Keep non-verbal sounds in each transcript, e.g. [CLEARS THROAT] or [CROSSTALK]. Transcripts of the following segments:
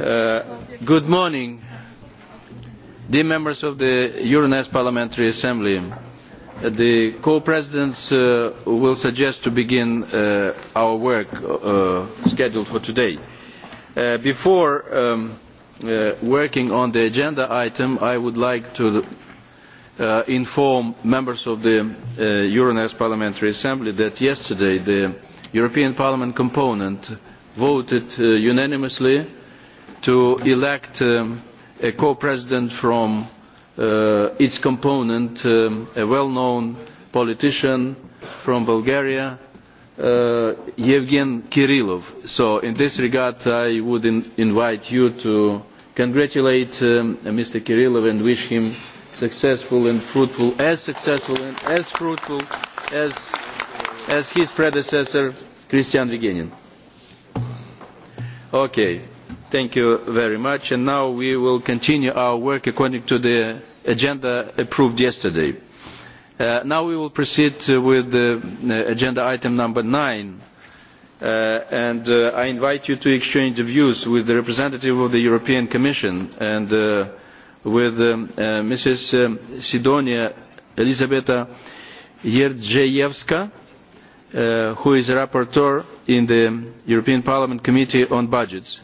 Uh, good morning, dear members of the Euronest Parliamentary Assembly. Uh, the co-presidents uh, will suggest to begin uh, our work uh, scheduled for today. Uh, before um, uh, working on the agenda item, I would like to uh, inform members of the uh, Euronest Parliamentary Assembly that yesterday the European Parliament component voted uh, unanimously to elect um, a co-president from uh, its component, um, a well-known politician from Bulgaria, Yevgeny uh, Yevgen So in this regard, I would invite you to congratulate Mr. Um, Kirilov and wish him successful and fruitful, as successful and as fruitful as his predecessor, Christian Vigenin. Okay, thank you very much. And now we will continue our work according to the agenda approved yesterday. Uh, now we will proceed with the uh, agenda item number nine. Uh, and uh, I invite you to exchange views with the representative of the European Commission and uh, with um, uh, Mrs. Um, Sidonia Elisabetta Yerdzejewska Uh, who is rapporteur in the European Parliament Committee on Budgets,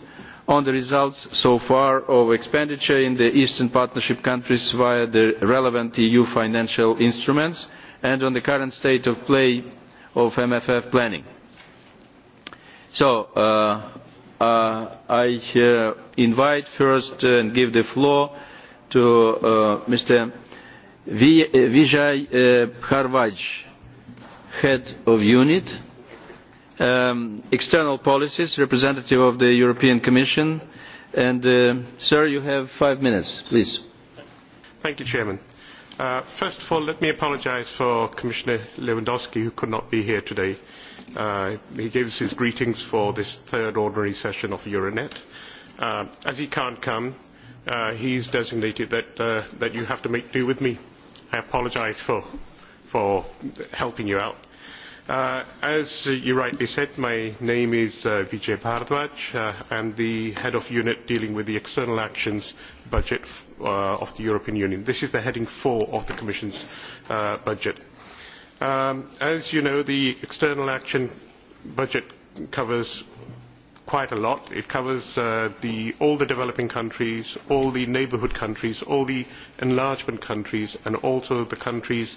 on the results so far of expenditure in the Eastern Partnership countries via the relevant EU financial instruments and on the current state of play of MFF planning. So, uh, uh, I invite first and give the floor to Mr. Vijay uh, Harvaj head of unit um, external policies representative of the european commission and uh, sir you have five minutes please thank you chairman uh, first of all let me apologise for commissioner lewandowski who could not be here today uh, he gives his greetings for this third ordinary session of euronet uh, as he can't come uh, he's designated that, uh, that you have to make do with me i apologise for for helping you out. Uh, as you rightly said, my name is uh, Vijay Bharadwaj. Uh, I'm the head of unit dealing with the external actions budget uh, of the European Union. This is the heading 4 of the Commission's uh, budget. Um, as you know, the external action budget covers quite a lot. It covers uh, the, all the developing countries, all the neighbourhood countries, all the enlargement countries, and also the countries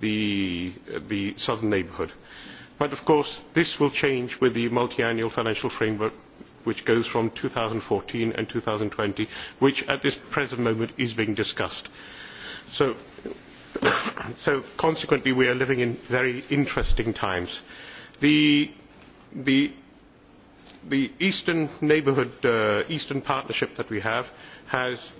the, southern neighbourhood. But of course this will change with the multiannual financial framework which goes from two thousand and fourteen and and two thousand twenty which at this present moment is being discussed. So, [COUGHS] consequently we are living in very interesting times. The, eastern neighbourhood, uh, eastern partnership that we have has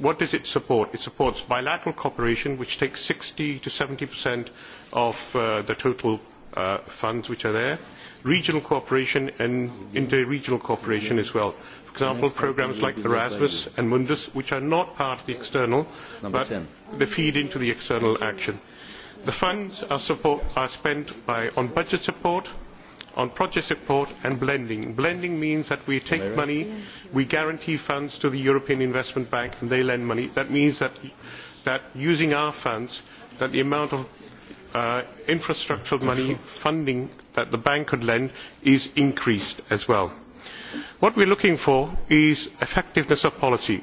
what does it support? It supports bilateral cooperation, which takes 60 to 70 percent of uh, the total uh, funds which are there, regional cooperation and inter-regional cooperation as well. For example, programmes like Erasmus and Mundus, which are not part of the external, but they feed into the external action. The funds are, spent on budget support, on project support and blending. blending means that we take money we guarantee funds to the european investment bank and they lend money. that means that, that using our funds that the amount of uh, infrastructural money funding that the bank could lend is increased as well. what we are looking for is effectiveness of policy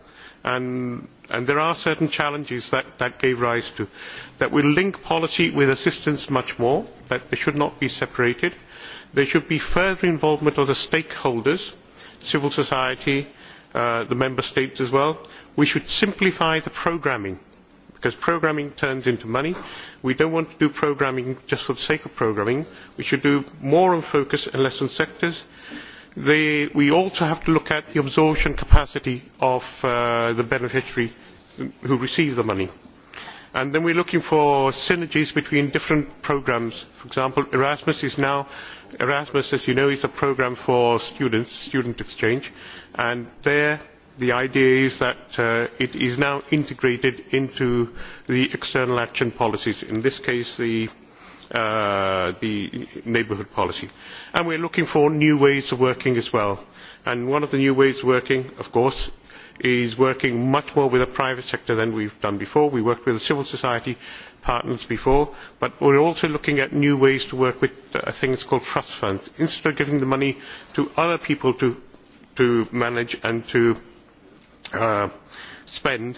and, there are certain challenges that, that gave rise to that will link policy with assistance much more that they should not be separated there should be further involvement of the stakeholders civil society uh, the member states as well we should simplify the programming because programming turns into money. We do not want to do programming just for the sake of programming. We should do more on focus and less on sectors we also have to look at the absorption capacity of uh, the beneficiary who receives the money. And then are looking for synergies between different programmes. For example, Erasmus is now, Erasmus, as you know, is a programme for students, student exchange. And there, the idea is that uh, it is now integrated into the external action policies. In this case, the Uh, the neighbourhood policy. And we are looking for new ways of working as well. And one of the new ways of working, of course, is working much more with the private sector than we have done before. We worked with civil society partners before, but we are also looking at new ways to work with uh, things called trust funds. Instead of giving the money to other people to, manage and to uh, spend,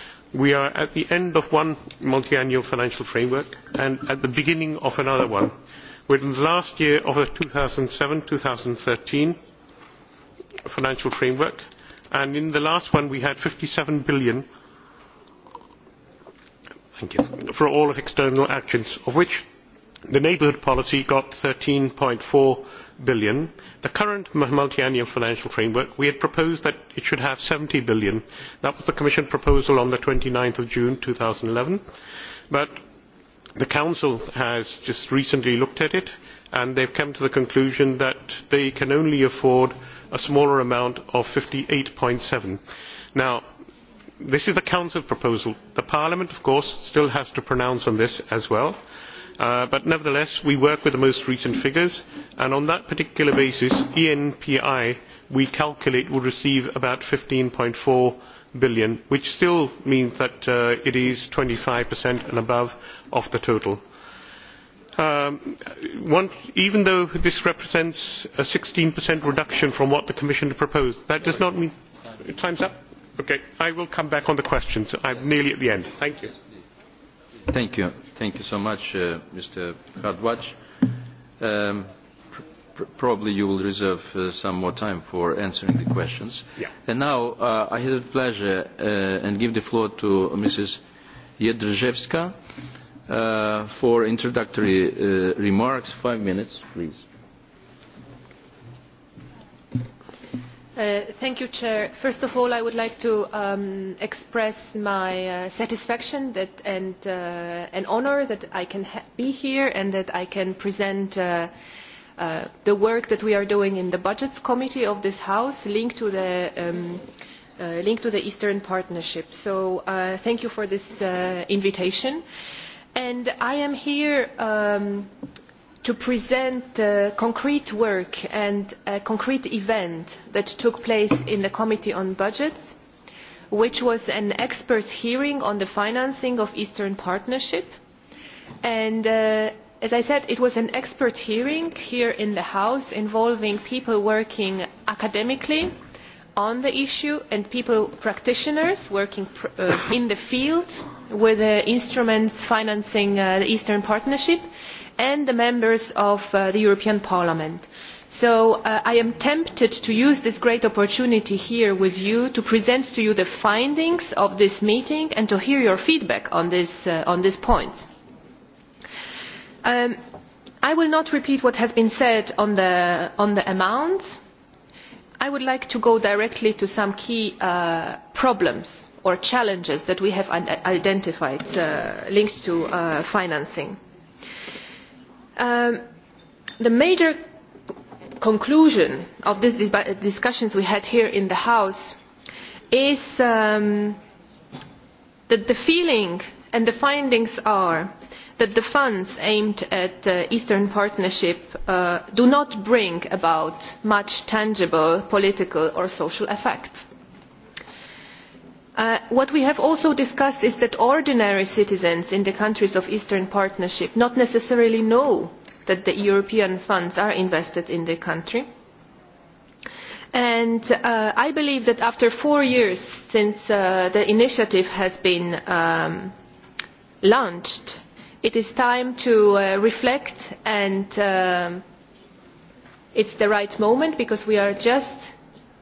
we are at the end of one multiannual financial framework and at the beginning of another one. with the last year of the two thousand and seven two thousand and thirteen financial framework and in the last one we had eur fifty seven billion for all of external actions of which the neighbourhood policy got eur. thirteen four billion. the current multiannual financial framework we had proposed that it should have eur seventy billion. that was the commission proposal on twenty nine june two thousand and eleven but the council has just recently looked at it and they have come to the conclusion that they can only afford a smaller amount of eur. fifty eight seven billion. now this is the council proposal. parliament of course still has to pronounce on this as well Uh, but nevertheless we work with the most recent figures and on that particular basis enpi we calculate will receive about eur. fifteen four billion which still means that uh, it is twenty five and above of the total. Um, even though this represents a sixteen reduction from what the commission proposed that does not mean time is up? i will come back on the questions i am nearly at the end. thank you. Thank you. Thank you so much, uh, Mr. Hardwatch. Um, pr probably you will reserve uh, some more time for answering the questions. Yeah. And now uh, I have the pleasure uh, and give the floor to Mrs. Jedrzejewska uh, for introductory uh, remarks. Five minutes, please. Uh, first of all i would like to um, express my uh, satisfaction and uh, honour that i can be here and that i can present uh, the work that we are doing in the budgets committee of this house linked to the, um, eastern partnership. so thank you for this invitation and i am here um, to present uh, concrete work and a concrete event that took place in the Committee on Budgets, which was an expert hearing on the financing of Eastern Partnership. And uh, as I said, it was an expert hearing here in the House involving people working academically on the issue and people, practitioners working uh, in the field with the instruments financing the Eastern Partnership and the members of uh, the european parliament. so uh, i am tempted to use this great opportunity here with you to present to you the findings of this meeting and to hear your feedback on these uh, points. Um, i will not repeat what has been said on the amounts. i would like to go directly to some key problems or challenges that we have identified linked to financing Um, the major conclusion of the discussions we had here in the House is um, that the feeling and the findings are that the funds aimed at the uh, Eastern Partnership uh, do not bring about much tangible political or social effect Uh, what we have also discussed is that ordinary citizens in the countries of the eastern partnership do not necessarily know that the european funds are invested in their country and uh, i believe that after four years since uh, the initiative has been um, launched it is time to reflect and um, it is the right moment because we are just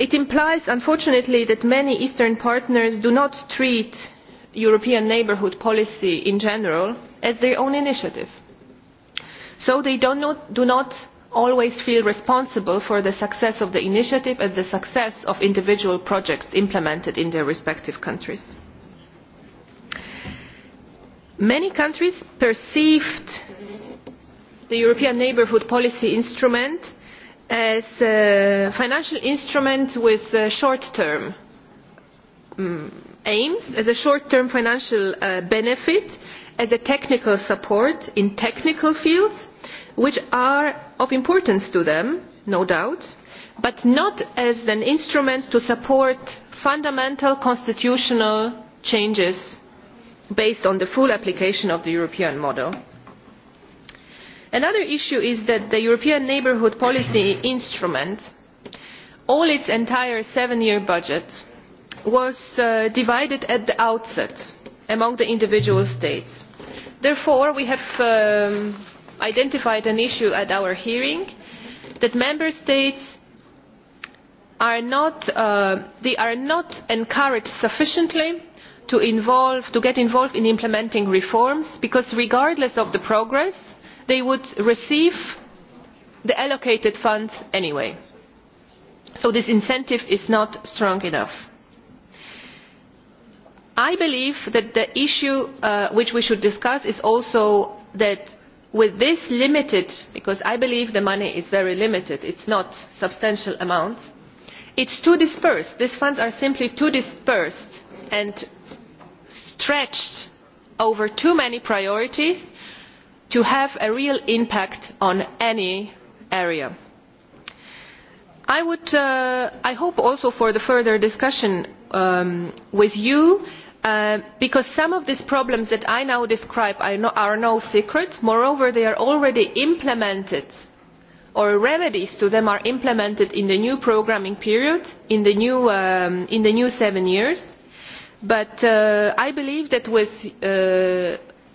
it implies unfortunately that many eastern partners do not treat european neighbourhood policy in general as their own initiative so they do not, always feel responsible for the success of the initiative and the success of individual projects implemented in their respective countries. many countries perceived the european neighbourhood policy instrument as a financial instrument with uh, short term mm, aims as a short term financial uh, benefit as a technical support in technical fields which are of importance to them no doubt but not as an instrument to support fundamental constitutional changes based on the full application of the european model another issue is that the european neighbourhood policy instrument all its entire seven year budget was uh, divided at the outset among the individual states. therefore we have um, identified an issue at our hearing that member states are not, uh, encouraged sufficiently to, to get involved in implementing reforms because regardless of the progress they would receive the allocated funds anyway. so this incentive is not strong enough. i believe that the issue uh, which we should discuss is also that with this limited because i believe the money is very limited it is not a substantial amount it is too dispersed these funds are simply too dispersed and stretched over too many priorities to have a real impact on any area. I, uh, hope also for the further discussion um, with you uh, because some of these problems that i now describe are no, secret moreover they are already implemented or remedies to them are implemented in the new programming period in the new, um, seven years but uh, i believe that with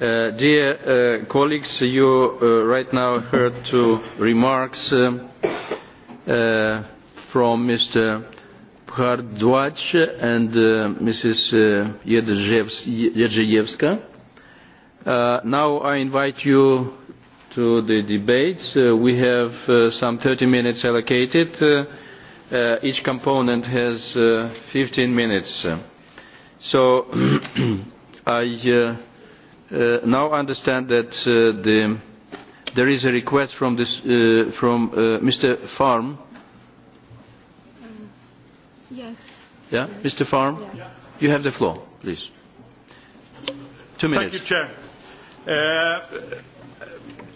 Uh, dear uh, colleagues, you uh, right now heard two remarks um, uh, from Mr. Bhardwaj and uh, Mrs. Uh, Jedrzejewska. Uh, now I invite you to the debates. Uh, we have uh, some 30 minutes allocated. Uh, uh, each component has uh, 15 minutes. So [CLEARS THROAT] I uh, Uh, now I understand that uh, there is a request from, uh, Mr. Farm. Um, yes. Yeah, Mr. Farm, you have the floor, please. Two minutes. Thank you, Chair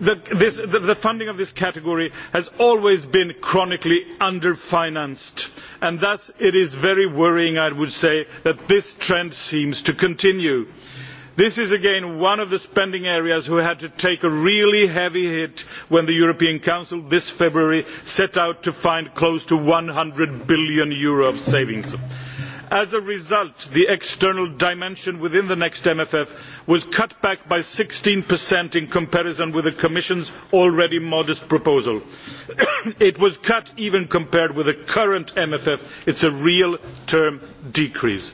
the, funding of this category has always been chronically under financed and thus it is very worrying i would say that this trend seems to continue. this is again one of the spending areas which had to take a really heavy hit when the european council this february set out to find close to eur one hundred billion of savings as a result the external dimension within the next mff was cut back by sixteen in comparison with the commission's already modest proposal. [COUGHS] it was cut even compared with the current mff it is a real term decrease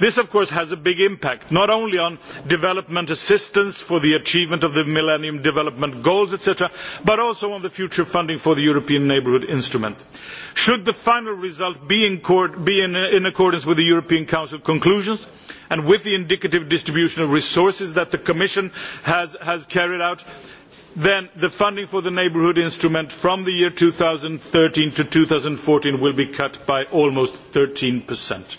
this of course has a big impact not only on development assistance for the achievement of the millennium development goals etc but also on the future funding for the european neighbourhood instrument. should the final result be in accordance with the european council conclusions and with the indicative distribution of resources that the commission has carried out then the funding for the neighbourhood instrument from the year two thousand and thirteen to two thousand and fourteen will be cut by almost thirteen percent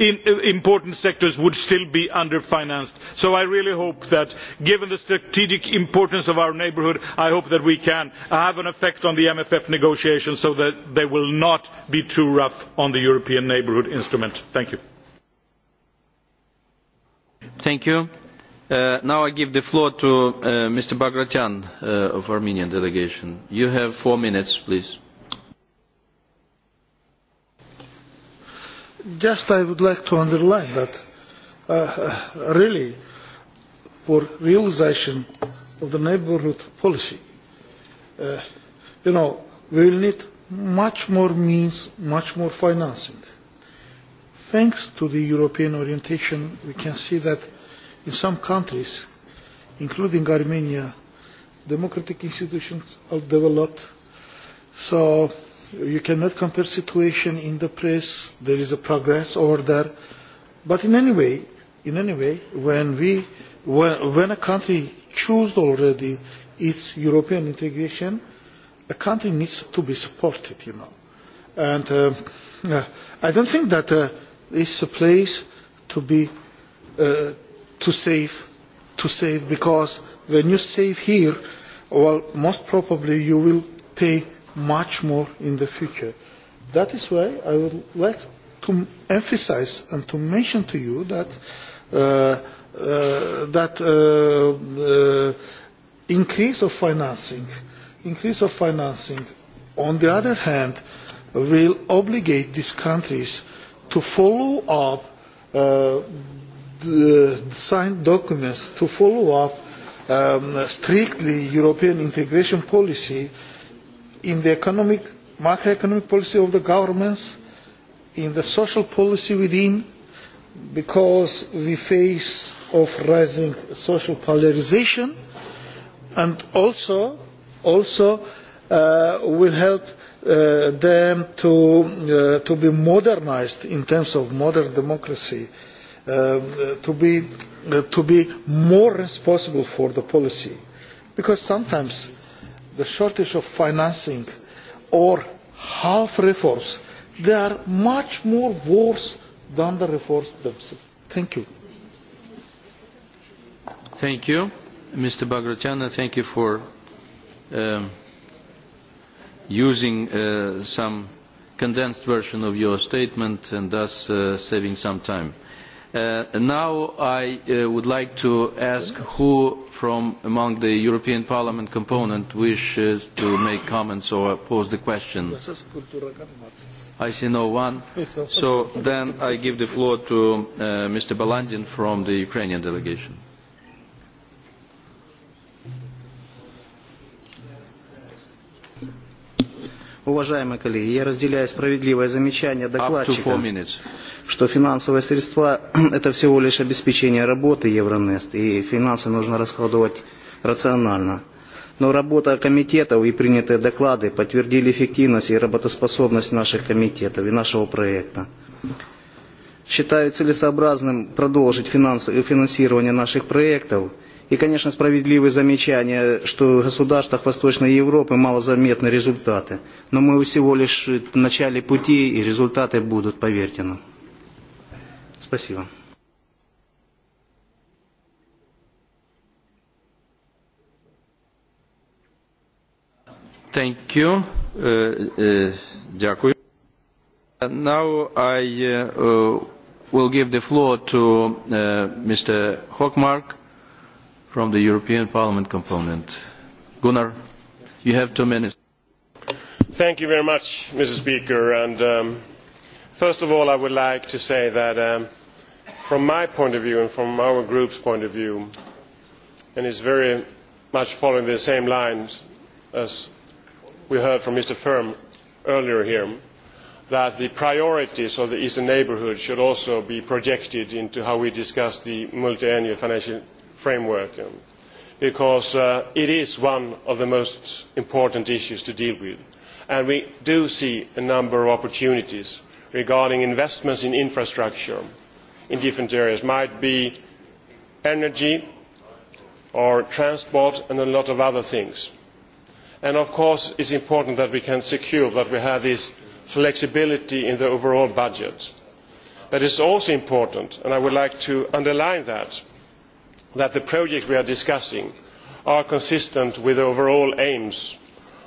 in uh, important sectors would still be under financed. so i really hope that given the strategic importance of our neighbourhood we can have an effect on the mff negotiations so that they will not be too rough on the european neighbourhood instrument. thank you. Thank you. Uh, now i give the floor to uh, mr bagratyan of of armenian delegation. you have four minutes please. just I would like to underline that uh, uh, really for realization of the neighborhood policy, uh, you know, we will need much more means, much more financing. Thanks to the European orientation, we can see that in some countries, including Armenia, democratic institutions are developed. So you cannot compare situation in the press. There is a progress over there. But in any way, in any way, when we, when, when a country chose already its European integration, a country needs to be supported, you know. And uh, uh, I don't think that uh, it's a place to be uh, to save, to save, because when you save here, well, most probably you will pay much more in the future. That is why I would like to emphasize and to mention to you that uh, uh, that uh, the uh, increase of financing, increase of financing, on the other hand, will obligate these countries to follow up uh, the signed documents, to follow up um, strictly European integration policy uh, in the economic, macroeconomic policy of the governments, in the social policy within, because we face of rising social polarization, and also, also uh, will help uh, them to, uh, to be modernized in terms of modern democracy, uh, to, be, uh, to be more responsible for the policy. Because sometimes the shortage of financing or half reforms they are much more worse than the reforms themselves. Thank you. Thank you, Mr. Bagratiana. Thank you for um, using uh, some condensed version of your statement and thus uh, saving some time. Uh, now I uh, would like to ask who from among the European Parliament component wishes to make comments or pose the question. I see no one. So then I give the floor to uh, Mr. Balandin from the Ukrainian delegation. Уважаемые коллеги, я разделяю справедливое замечание докладчика, что финансовые средства – это всего лишь обеспечение работы Евронест, и финансы нужно расходовать рационально. Но работа комитетов и принятые доклады подтвердили эффективность и работоспособность наших комитетов и нашего проекта. Считаю целесообразным продолжить финансирование наших проектов – И, конечно, справедливые замечания, что в государствах Восточной Европы малозаметны результаты. Но мы всего лишь в начале пути, и результаты будут, поверьте нам. Спасибо. Thank you. Uh, uh, дякую. Now I uh, will give the floor to uh, Mr. Hockmark from the European Parliament component. Gunnar, you have two minutes. Thank you very much, Mr. Speaker. And um, first of all, I would like to say that um, from my point of view and from our group's point of view, and it's very much following the same lines as we heard from Mr. Firm earlier here, that the priorities of the Eastern neighbourhood should also be projected into how we discuss the multi-annual financial framework because uh, it is one of the most important issues to deal with and we do see a number of opportunities regarding investments in infrastructure in different areas might be energy or transport and a lot of other things. And of course it is important that we can secure that we have this flexibility in the overall budget. but it is also important and i would like to underline this that the projects we are discussing are consistent with the overall aims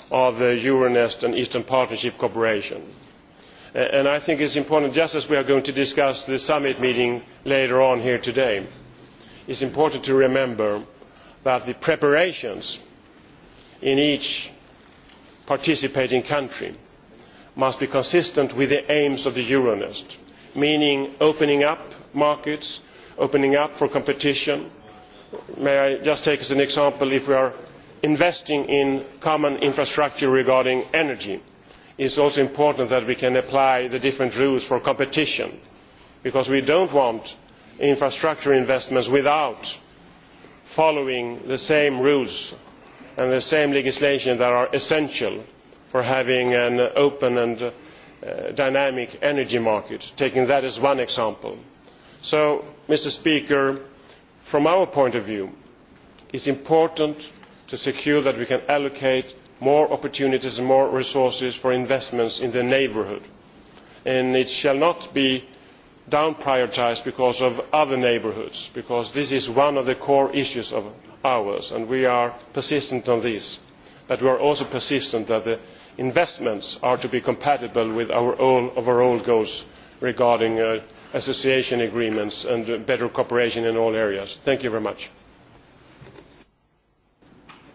of the euronest and eastern partnership cooperation. i think it is important just as we are going to discuss the summit meeting later on here today it is important to remember that the preparations in each participating country must be consistent with the aims of the euronest meaning opening up markets opening up for competition may i just take as an example if we are investing in common infrastructure regarding energy it is also important that we can apply the different rules for competition because we do not want infrastructure investments without following the same rules and the same legislation that are essential for having an open and uh, dynamic energy market taking that as one example. so mr speaker from our point of view it is important to secure that we can allocate more opportunities and more resources for investments in the neighbourhood and it shall not be down prioritised because of other neighbourhoods because this is one of the core issues of ours and we are persistent on this but we are also persistent that the investments are to be compatible with our overall goals regarding uh, association agreements and better cooperation in all areas. thank you very much.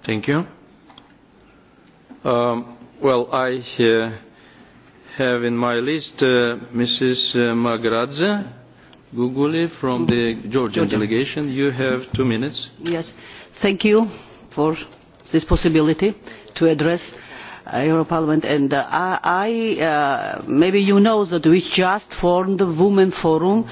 thank you. Um, well, i uh, have in my list uh, mrs. Uh, magradze guguli from the georgian Georgia. delegation. you have two minutes. yes. thank you for this possibility to address Uh, Euro Parliament, and uh, I, uh, maybe you know that we just formed the Women Forum,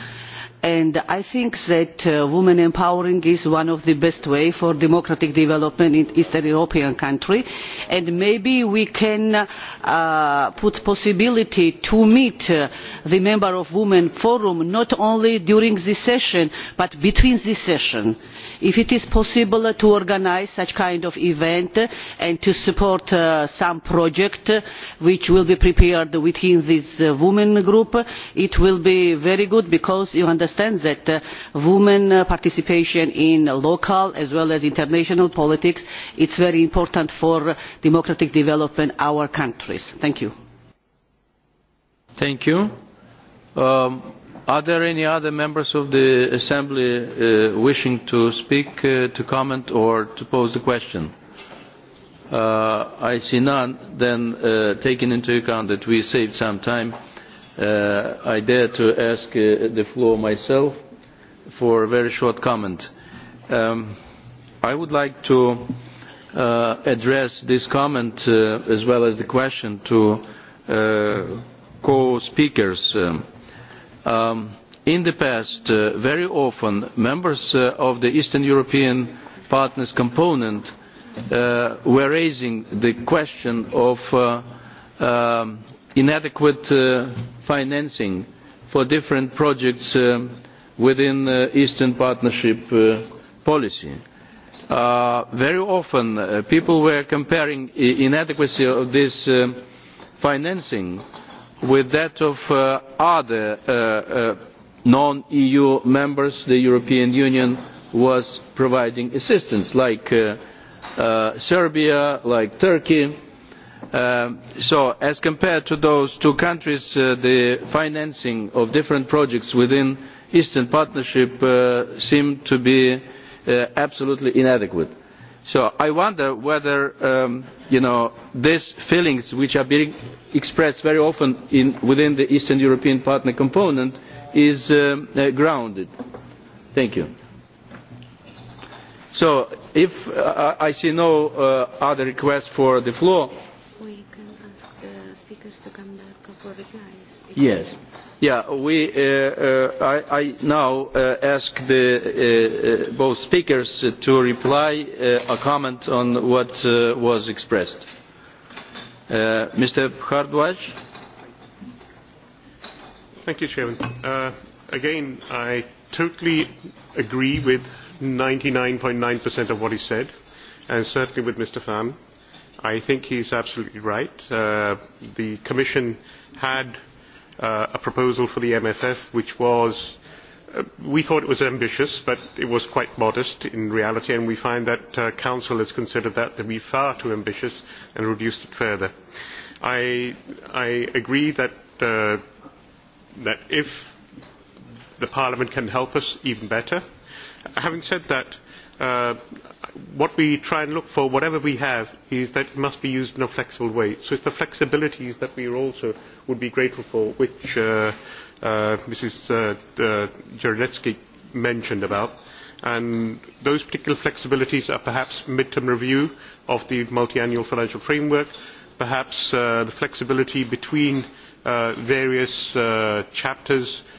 and I think that uh, women empowering is one of the best way for democratic development in Eastern European country, and maybe we can uh, put possibility to meet uh, the member of Women Forum not only during this session but between the session if it is possible to organise such a kind of event and to support uh, some project which will be prepared within this uh, women group it will be very good because you understand that uh, women participation in local as well as international politics is very important for democratic development in our countries. thank you. Thank you. Um, Are there any other members of the Assembly uh, wishing to speak, uh, to comment or to pose the question? Uh, I see none. Then, uh, taking into account that we saved some time, uh, I dare to ask uh, the floor myself for a very short comment. Um, I would like to uh, address this comment uh, as well as the question to uh, co-speakers. Um, Um, in the past, uh, very often, members uh, of the Eastern European Partners component uh, were raising the question of um, inadequate financing for different projects um, within the Eastern Partnership policy. very often people were comparing the inadequacy of this financing with that of uh, other uh, uh, non eu members the european union was providing assistance like serbia like turkey um, so as compared to those two countries the financing of different projects within the eastern partnership seemed to be absolutely inadequate so i wonder whether um, you know, these feelings which are being expressed very often within the eastern european partner component is um, uh, grounded. thank you. so if uh, i see no uh, other requests for the floor yes. Yeah, we, uh, uh, I, I now uh, ask the, uh, uh, both speakers to reply uh, a comment on what uh, was expressed. Uh, Mr. Hardwaj. Thank you, Chairman. Uh, again, I totally agree with 99.9% .9 of what he said, and certainly with Mr. Pham. I think he's absolutely right. Uh, the Commission had Uh, a proposal for the MFF which was uh, we thought it was ambitious, but it was quite modest in reality, and we find that uh, Council has considered that to be far too ambitious and reduced it further. I, I agree that, uh, that if the Parliament can help us, even better. Having said that, uh, what we try and look for, whatever we have, is that it must be used in a flexible way. So it's the flexibilities that we also would be grateful for, which Mrs. Uh, uh, uh, uh mentioned about. And those particular flexibilities are perhaps mid-term review of the multiannual financial framework, perhaps the flexibility between various chapters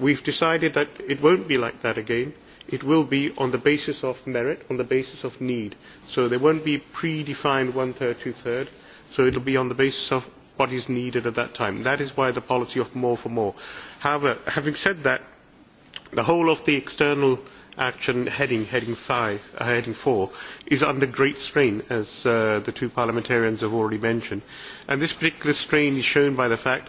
we have decided that it will not be like that again it will be on the basis of merit on the basis of need so there will not be pre defined one third two thirds so it will be on the basis of what is needed at that time. that is why the policy of more for more. however having said that the whole of the external action heading heading, uh, four is under great strain as uh, the two parliamentarians have already mentioned and this particular strain is shown by the fact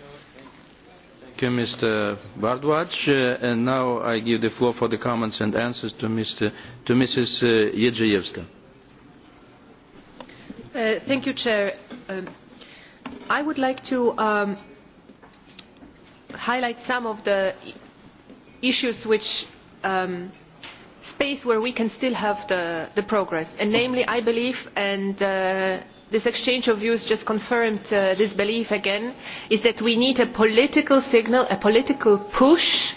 you, Mr. Bardwaj. Uh, and now I give the floor for the comments and answers to, Mr., to Mrs. Uh, Jedrzejewska. Uh, thank you, Chair. Um, I would like to um, highlight some of the issues which um, space where we can still have the, the progress. And namely, I believe, and uh, this exchange of views just confirmed uh, this belief again, is that we need a political signal, a political push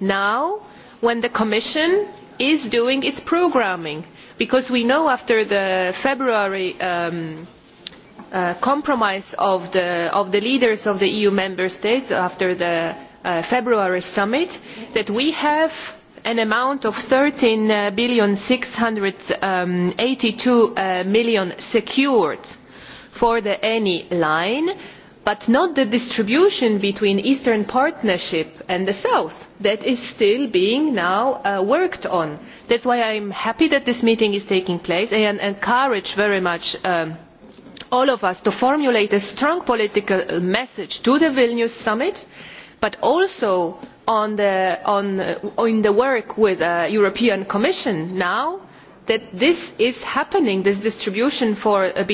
now when the Commission is doing its programming. Because we know after the February um, uh, compromise of the, of the leaders of the EU member states, after the uh, February summit, that we have an amount of eur thirteen six hundred and eighty two uh, million secured for the eni line but not the distribution between the eastern partnership and the south that is still being now uh, worked on. that is why i am happy that this meeting is taking place and encourage very much um, all of us to formulate a strong political message to the vilnius summit but also in the work with the european commission now that this is happening this distribution uh, um,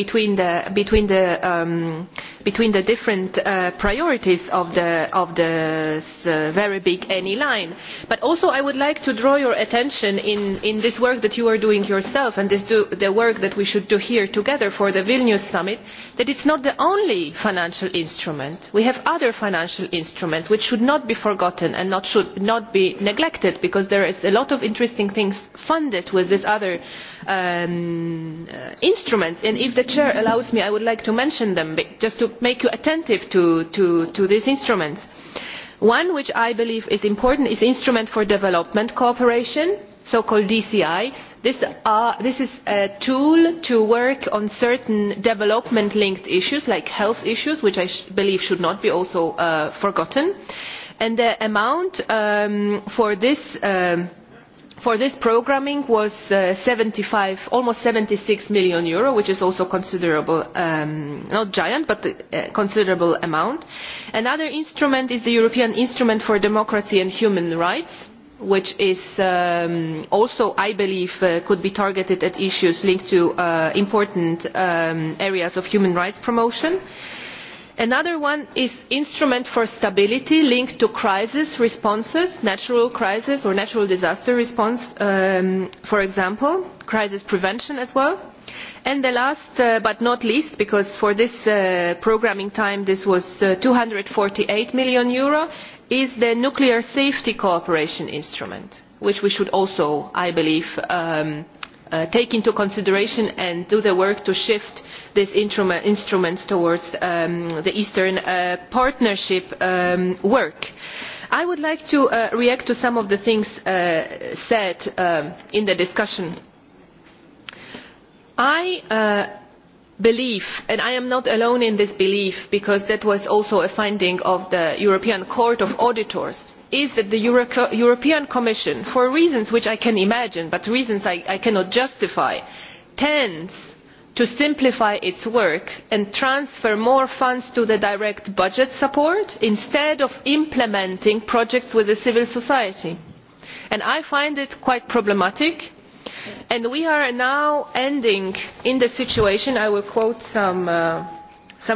between, the, different uh, priorities of the uh, very big any line. but also i would like to draw your attention in, this work that you are doing yourself and the work that we should do here together for the vilnius summit that it is not the only financial instrument. we have other financial instruments which should not be forgotten and not, should not be neglected because there are a lot of interesting things funded with these other um, uh, instruments and if the chair allows me i would like to mention them just to make you attentive to, to, to these instruments. one which i believe is important is the instrument for development cooperation so called dci Uh, this, is a tool to work on certain development linked issues like health issues which i believe should not be also uh, forgotten and the amount um, um, for this programming was uh, almost eur seventy six million which is also a considerable, um, not giant, but a uh, considerable amount. Another instrument is the European Instrument for Democracy and Human Rights which is um, also, I believe, uh, could be targeted at issues linked to uh, important um, areas of human rights promotion. Another one is instrument for stability linked to crisis responses, natural crisis or natural disaster response, um, for example, crisis prevention as well. And the last uh, but not least, because for this programming time this was forty 248 million euro, is the nuclear safety cooperation instrument which we should also i believe um, uh, take into consideration and do the work to shift these instrument, instruments towards um, the eastern uh, partnership um, work. i would like to uh, react to some of the things said in the discussion. i belief and i am not alone in this belief because that was also a finding of the european court of auditors is that the european commission for reasons which i can imagine but reasons i, cannot justify tends to simplify its work and transfer more funds to the direct budget support instead of implementing projects with civil society. i find it quite problematic and we are now ending in the situation i will quote some, uh,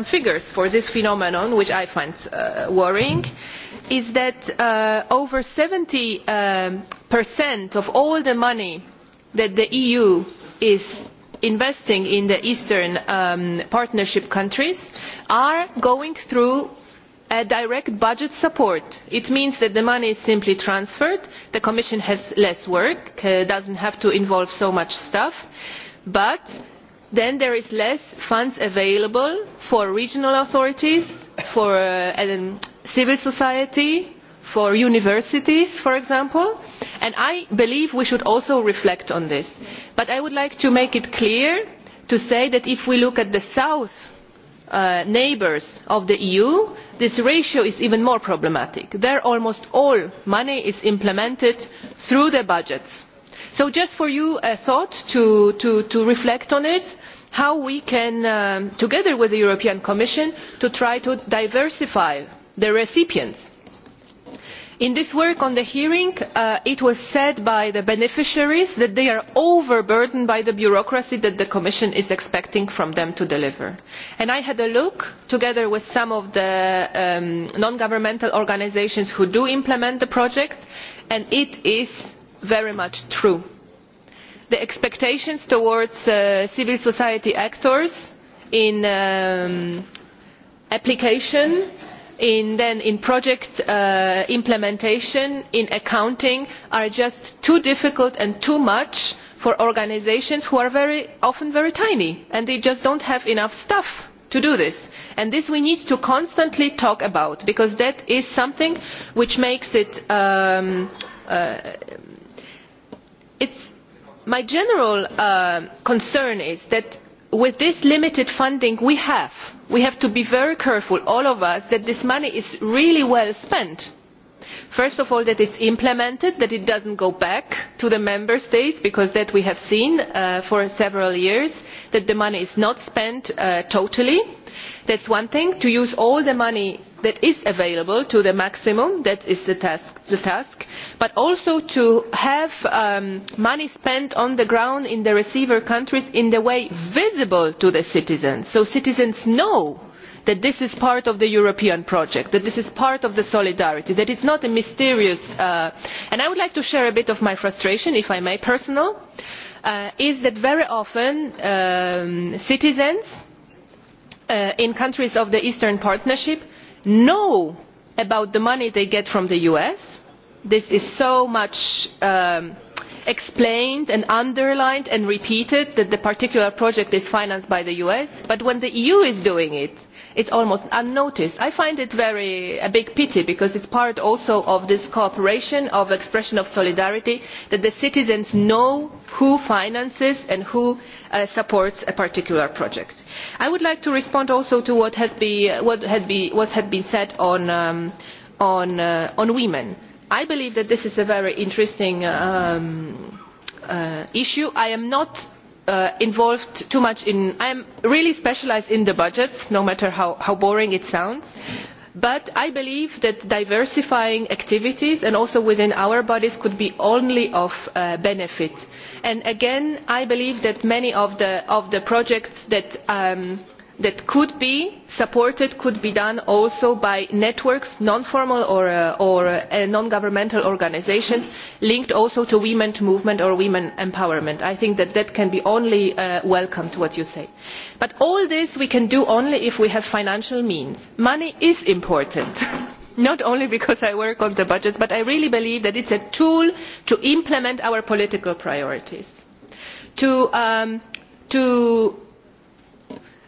figures for this phenomenon which i find uh, worrying is that uh, over seventy um, of all the money that the eu is investing in the eastern um, partnership countries are going through direct budget support. it means that the money is simply transferred the commission has less work uh, does not have to involve so much staff but then there are fewer funds available for regional authorities for uh, civil society for universities for example and i believe we should also reflect on this. but i would like to make it clear that if we look at the south Uh, neighbours of the eu this ratio is even more problematic. there almost all money is implemented through the budgets. so just for you a thought to, reflect on it how we can um, together with the european commission to try to diversify the recipients in this work on the hearing uh, it was said by the beneficiaries that they are overburdened by the bureaucracy that the commission is expecting them to deliver and i had a look together with some of the um, non governmental organisations who do implement the project and it is very much true. the expectations towards uh, civil society actors in um, application in, then in project uh, implementation in accounting are just too difficult and too much for organisations which are very, often very tiny and they just do not have enough staff to do this. And this we need to constantly talk about because that is something which makes it um, uh, my general uh, concern is that with this limited funding we have we have to be very careful all of us that this money is really well spent first of all that it is implemented that it does not go back to the member states because that we have seen uh, for several years that the money is not spent uh, totally that is one thing to use all the money that is available to the maximum that is the task, but also to have um, money spent on the ground in the receiver countries in a way visible to the citizens so citizens know that this is part of the european project that this is part of the solidarity that it is not a mysterious uh, and i would like to share a bit of my frustration if i may personal uh, is that very often um, citizens uh, in countries of the eastern partnership know about the money they get from the us this is so much um, explained and underlined and repeated that the particular project is financed by the us but when the eu is doing it it is almost unnoticed. i find it very, a big pity because it is part also of this cooperation of expression of solidarity that the citizens know who finances and who uh, supports a particular project. i would like to respond also to what has, been said um, uh, on, women. i believe that this is a very interesting um, uh, issue. i am not Uh, involved too much in i am really specialised in the budgets no matter how, boring it sounds but i believe that diversifying activities and also within our bodies could be only of uh, benefit and again i believe that many of the, projects that um, that could be supported could be done also by networks non formal or, uh, uh, non governmental organisations linked also to the women's movement or women's empowerment. i think that that can be only be uh, welcomed what you say. but all this we can do only if we have financial means. money is important [LAUGHS] not only because i work on the budget but i really believe that it is a tool to implement our political priorities um,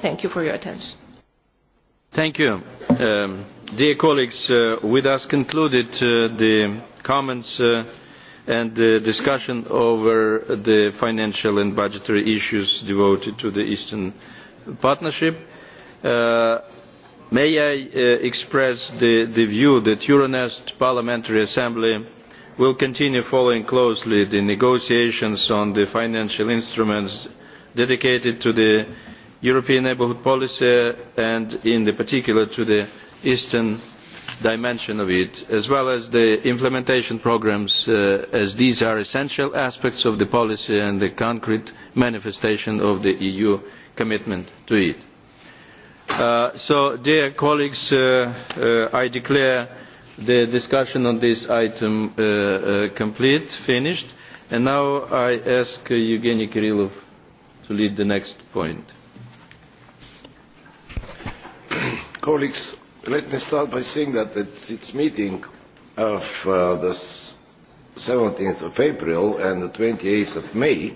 Thank you for your attention. Thank you. Um, dear colleagues, uh, with us concluded uh, the comments uh, and the discussion over the financial and budgetary issues devoted to the Eastern Partnership. Uh, may I uh, express the, the view that Euronest Parliamentary Assembly will continue following closely the negotiations on the financial instruments dedicated to the European neighbourhood policy and in particular to the eastern dimension of it, as well as the implementation programmes, uh, as these are essential aspects of the policy and the concrete manifestation of the EU commitment to it. Uh, so, dear colleagues, uh, I declare the discussion on this item complete, finished, and now I ask Evgeny Kirilov to lead the next point. colleagues, let me start by saying that at its meeting of uh, of April and twenty eight of May,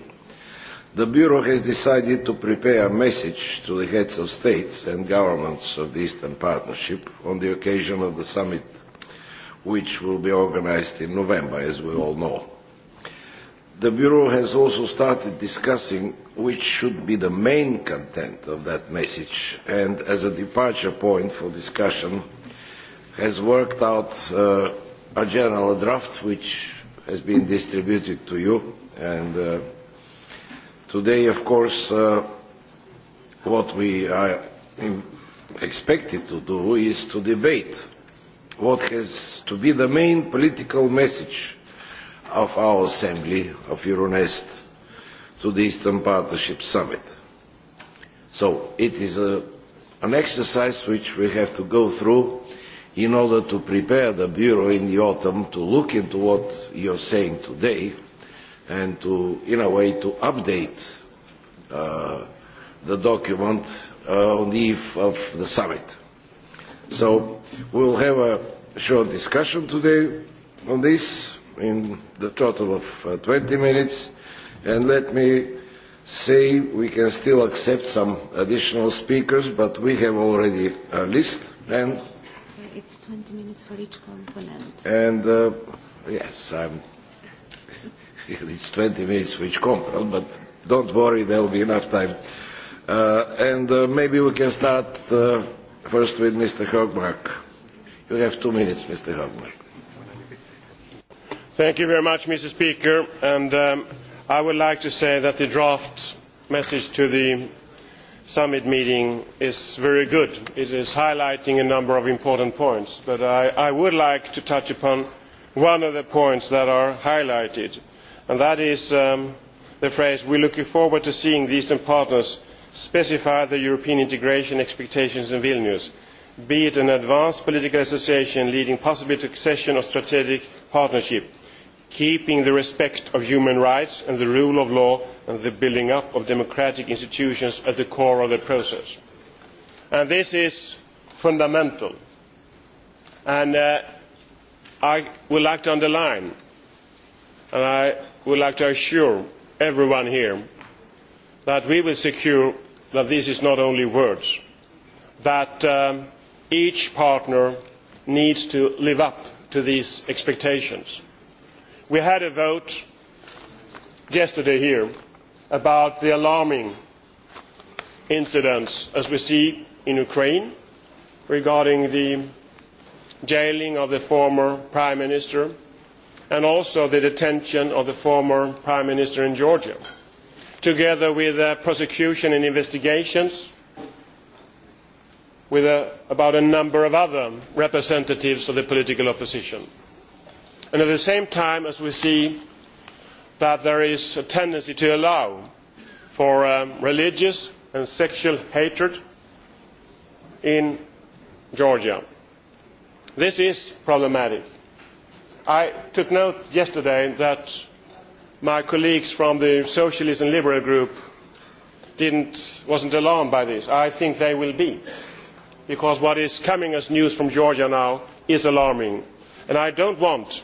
the Bureau has decided to prepare a message to the heads of states and governments of the Eastern Partnership on the occasion of the summit which will be organized in November, as we all know. The Bureau has also started discussing which should be the main content of that message and as a departure point for discussion has worked out uh, a general draft which has been distributed to you and uh, today of course uh, what we are expected to do is to debate what has to be the main political message of our assembly of euronest to the Eastern Partnership Summit. So it is a, an exercise which we have to go through in order to prepare the Bureau in the autumn to look into what you are saying today and to, in a way, to update uh, the document uh, on the eve of the summit. So we'll have a short discussion today on this in the total of uh, 20 minutes And let me say we can still accept some additional speakers, but we have already a list. And it's 20 minutes for each component. And uh, yes, I'm. [LAUGHS] it's 20 minutes for each component, but don't worry, there will be enough time. Uh, and uh, maybe we can start uh, first with Mr. Hogmark. You have two minutes, Mr. Hogmark. Thank you very much, Mr. Speaker. And um, i would like to say that the draft message to the summit meeting is very good. it highlights a number of important points but i would like to touch upon one of the points that are highlighted and that is um, the phrase we are looking forward to seeing the eastern partners specify their european integration expectations in vilnius be it an advanced political association leading possibly to accession or strategic partnership keeping the respect of human rights and the rule of law and the building up of democratic institutions at the core of the process. And this is fundamental and uh, i would like to underline and i would like to assure everyone here that we will secure that this is not only words that um, each partner needs to live up to these expectations we had a vote yesterday here about the alarming incidents as we see in ukraine regarding the jailing of the former prime minister and also the detention of the former prime minister in georgia together with the uh, prosecution and investigations with uh, about a number of other representatives of the political opposition and at the same time as we see that there is a tendency to allow for um, religious and sexual hatred in georgia. this is problematic. i took note yesterday that my colleagues from the socialist and liberal group were not alarmed by this. i think they will be because what is coming as news from georgia now is alarming and i do not want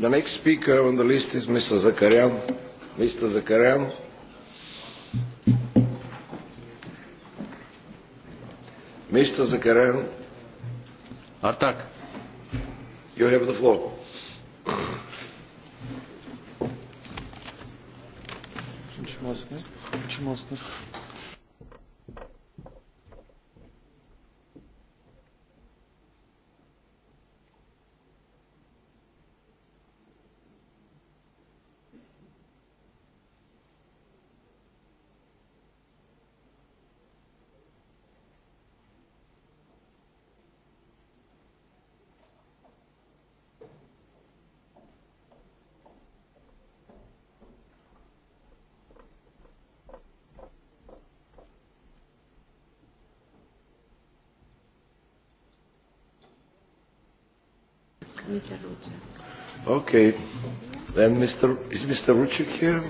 The next speaker on the list is Mr. Zakarian. Mr. Zakarian. Mr. Zakarian. Artak. You have the floor. Mr. Rucic. Okay. Then Mr. Is Mr. Rucic here?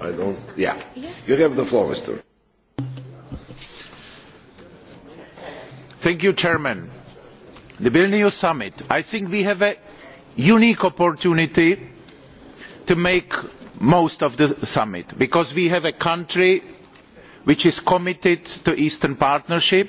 I don't. Yeah. You have the floor, Mr. Thank you, Chairman. The Vilnius Summit. I think we have a unique opportunity to make most of the summit because we have a country which is committed to Eastern Partnership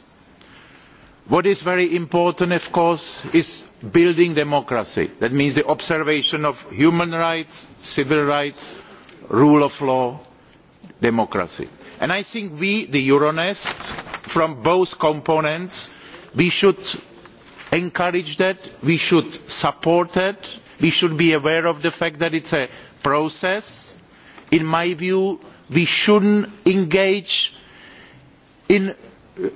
what is very important of course is building democracy that means the observation of human rights civil rights rule of law democracy. And i think we the euronest from both components should encourage that we should support that we should be aware of the fact that it is a process. in my view we should not engage in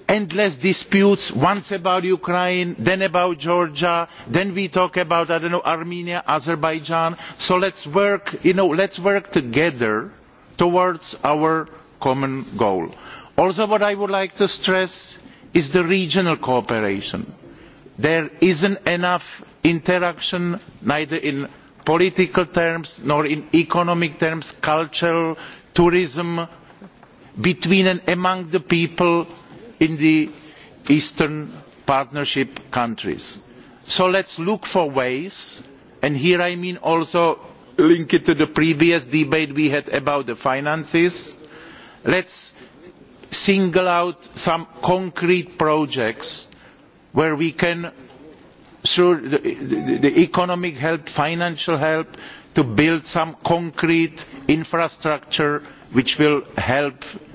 endless disputes once about ukraine then about georgia then we talk about I don't know, armenia azerbaijan so let us work, you know, work together towards our common goal. also what i would like to stress is the regional cooperation. there is not enough interaction neither in political terms nor in economic terms cultural, tourism between and among the people in the eastern partnership countries. so let us look for ways and here i mean also link it to the previous debate we had about the finances let us single out some concrete projects where we can through the, the economic help financial help to build some concrete infrastructure which will help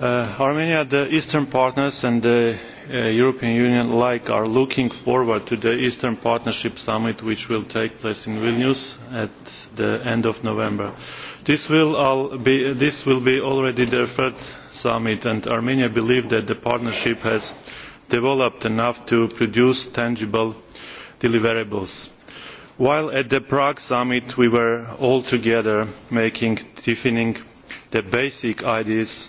Uh, Armenia, the Eastern partners and the uh, European Union alike are looking forward to the Eastern Partnership Summit which will take place in Vilnius at the end of November. This will, be, this will be already their third summit and Armenia believes that the partnership has developed enough to produce tangible deliverables. While at the Prague summit we were all together making, defining the basic ideas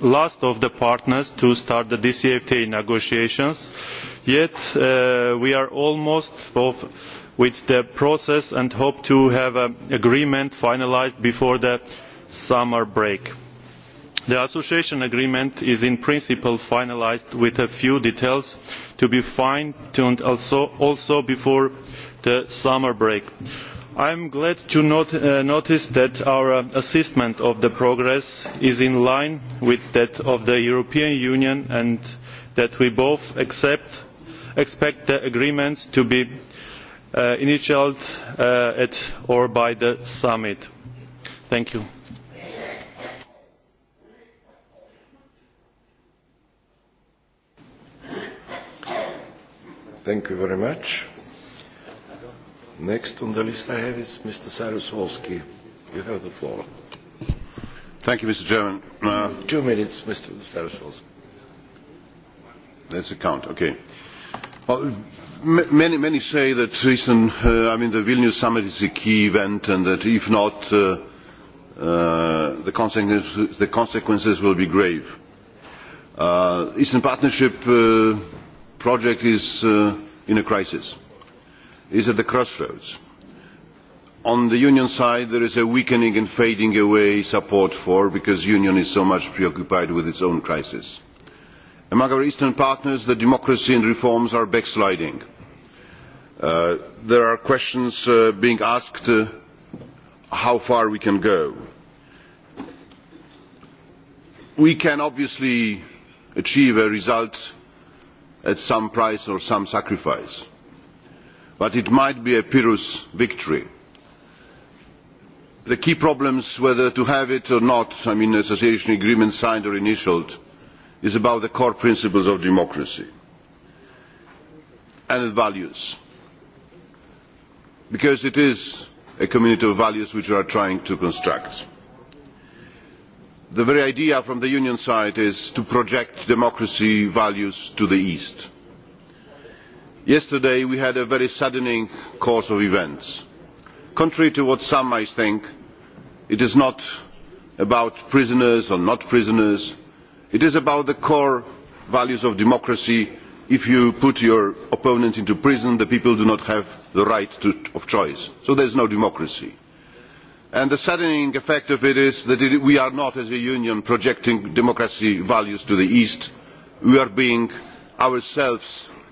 last of the partners to start the dcfta negotiations yet uh, we are almost off with the process and hope to have an agreement finalised before the summer break. the association agreement is in principle finalised with a few details to be fine tuned also, also before the summer break i am glad to uh, notice that our assessment of the progress is in line with that of the european union and that we both expect the agreements to be uh, initialled uh, at or by the summit. thank you. thank you very much. Next on the list I have is Mr. You have the floor. Thank you, Mr. Chairman. Uh, Two minutes, Mr. count, okay. Well, many, many say that uh, I mean, the Vilnius summit is a key event and that if not, uh, the, consequences, the consequences will be grave. the Eastern Partnership project is in a crisis is at a crossroads. on the union side there is a weakening and fading away support for because the union is so much preoccupied with its own crisis. among our eastern partners the democracy and reforms are backsliding. Uh, there are questions uh, being asked uh, how far we can go. we can obviously achieve a result at some price or some sacrifice but it might be a pyrrhus victory. the key problems whether to have it or not i mean an association agreement signed or initialled is about the core principles of democracy and its values because it is a community of values which we are trying to construct. the very idea from the union side is to project democracy values to the east yesterday we had a very saddening course of events. contrary to what some might think it is not about prisoners or not prisoners it is about the core values of democracy if you put your opponent into prison the people do not have the right of choice so there is no democracy. And the saddening effect of it is that we are not as a union projecting democracy values to the east we are being ourselves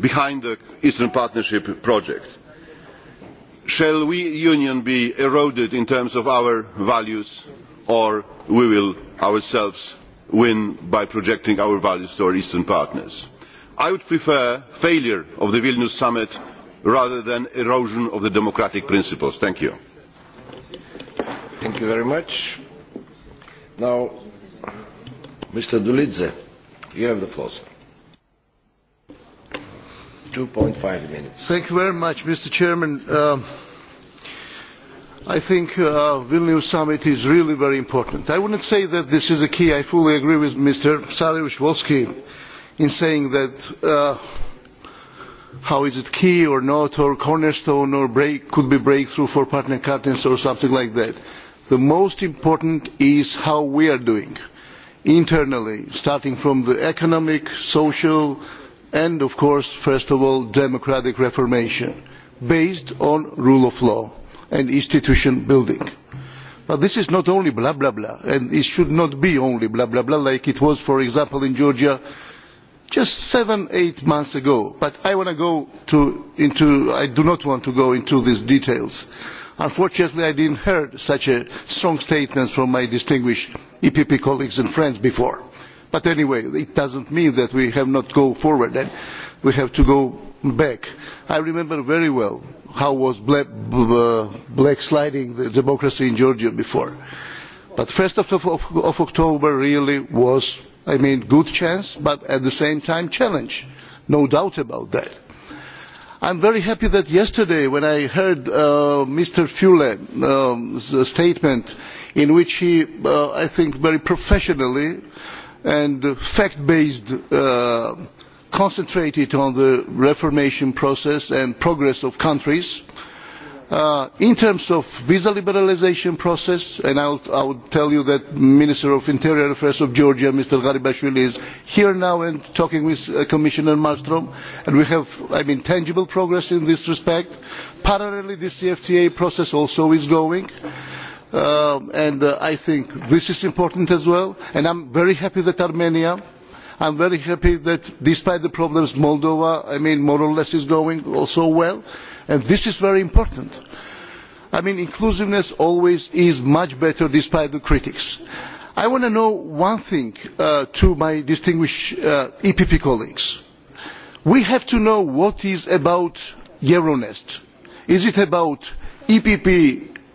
behind the eastern partnership project. shall we union be eroded in terms of our values or we will ourselves win by projecting our values to our eastern partners? i would prefer failure of the vilnius summit rather than erosion of the democratic principles. thank you. thank you very much. now mr dolidze you have the floor sir. Mr. Chairman. Um, I think the uh, Vilnius summit is really very important. I would not say that this is a key. I fully agree with Mr. Saryusz-Wolski in saying that uh, how is it key or not or cornerstone or could be a breakthrough for partner countries or something like that. The most important is how we are doing internally, starting from the economic, social, and of course first of all democratic reformation based on rule of law and institution building. But this is not only blah blah blah and it should not be only blah blah blah like it was for example in Georgia just seven or eight months ago but i want to go into i do not want to go into these details unfortunately i not hear such a strong statements from my distinguished epp colleagues and friends before but anyway it does not mean that we have not gone forward and we have to go back. i remember very well how was blacksliding uh, the democracy in georgia before but one october really was i mean a good chance but at the same time a challenge no doubt about that. i am very happy that yesterday when i heard uh, mr fle's um, statement in which he uh, i think very professionally and fact based uh, concentrated on the reformation process and progress of countries uh, in terms of visa liberalisation process and i will tell you that minister of interior affairs of georgia mr garibashvili is here now and talking with uh, commissioner malmstrm and we have I mean, tangible progress in this respect. parallelly the cfta process also is going on Um, and uh, i think this is important as well and i am very happy that armenia i am very happy that despite the problems moldova I mean, more or less is going also well and this is very important. I mean, inclusiveness always is much better despite the critics. i want to know one thing uh, to my distinguished uh, epp colleagues we have to know what is about euronest. is it about epp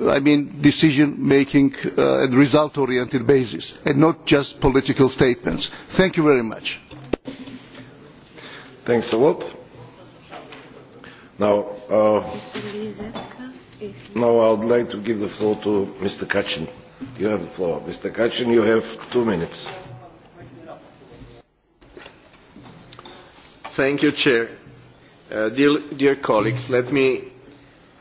I mean decision making uh, and result oriented basis and not just political statements. Thank you very much. Thanks a lot. Now, uh, now I would like to give the floor to Mr. Kachin. You have the floor. Mr. Kachin, you have two minutes. Thank you, Chair. Uh, dear, dear colleagues, let me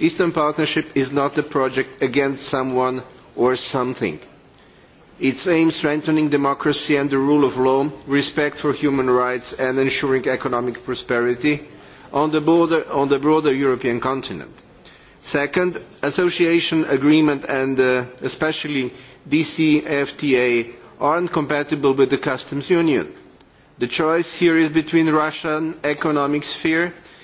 Eastern Partnership is not a project against someone or something. Its aim strengthening democracy and the rule of law, respect for human rights and ensuring economic prosperity on the, border, on the broader European continent. Second, association agreement and uh, especially DCFTA aren't compatible with the customs union. The choice here is between Russian economic sphere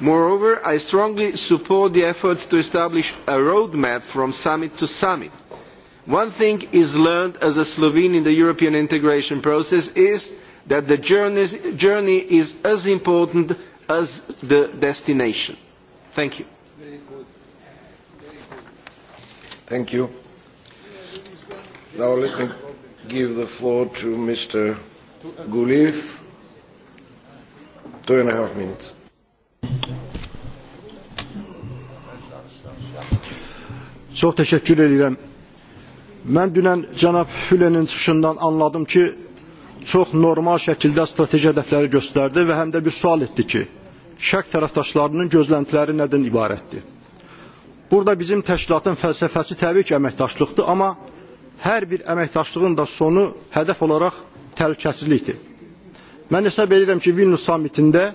Moreover, I strongly support the efforts to establish a roadmap from summit to summit. One thing is learned as a Slovene in the European integration process is that the journey is as important as the destination. Thank you. Thank you. Now let me give the floor to Mr. Guliev. Two and a half minutes. Çok teşekkür ederim. Ben dünen cənab Hülenin çıkışından anladım ki, çok normal şekilde strateji hedefleri gösterdi ve hem de bir sual etti ki, şərq taraftaşlarının gözlentileri neden ibaretti? Burada bizim təşkilatın felsefesi təbii ki, əməkdaşlıqdır, ama her bir əməkdaşlığın da sonu hedef olarak təhlükəsizlikdir. Mən hesab edirəm ki, Vilnius summitinde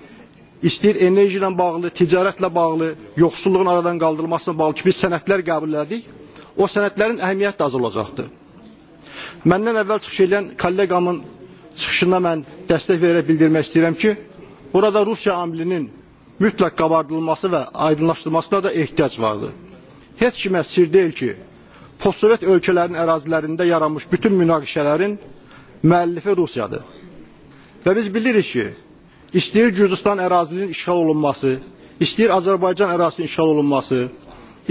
istəyir enerji ilə bağlı, ticarətlə bağlı, yoxsulluğun aradan qaldırılmasına bağlı ki, biz sənədlər qəbul elədik. O sənədlərin əhəmiyyəti də az olacaqdır. Məndən əvvəl çıxış edən kolleqamın çıxışına mən dəstək verərək bildirmək istəyirəm ki, burada Rusiya amilinin mütləq qabardılması və aydınlaşdırılmasına da ehtiyac vardı. Heç kimə sir deyil ki, postsovet ölkələrin ərazilərində yaranmış bütün münaqişələrin müəllifi Rusiyadır. Və biz bilirik ki, İstəyir Gürcüstan ərazisinin işğal olunması, istəyir Azərbaycan ərazisinin işğal olunması,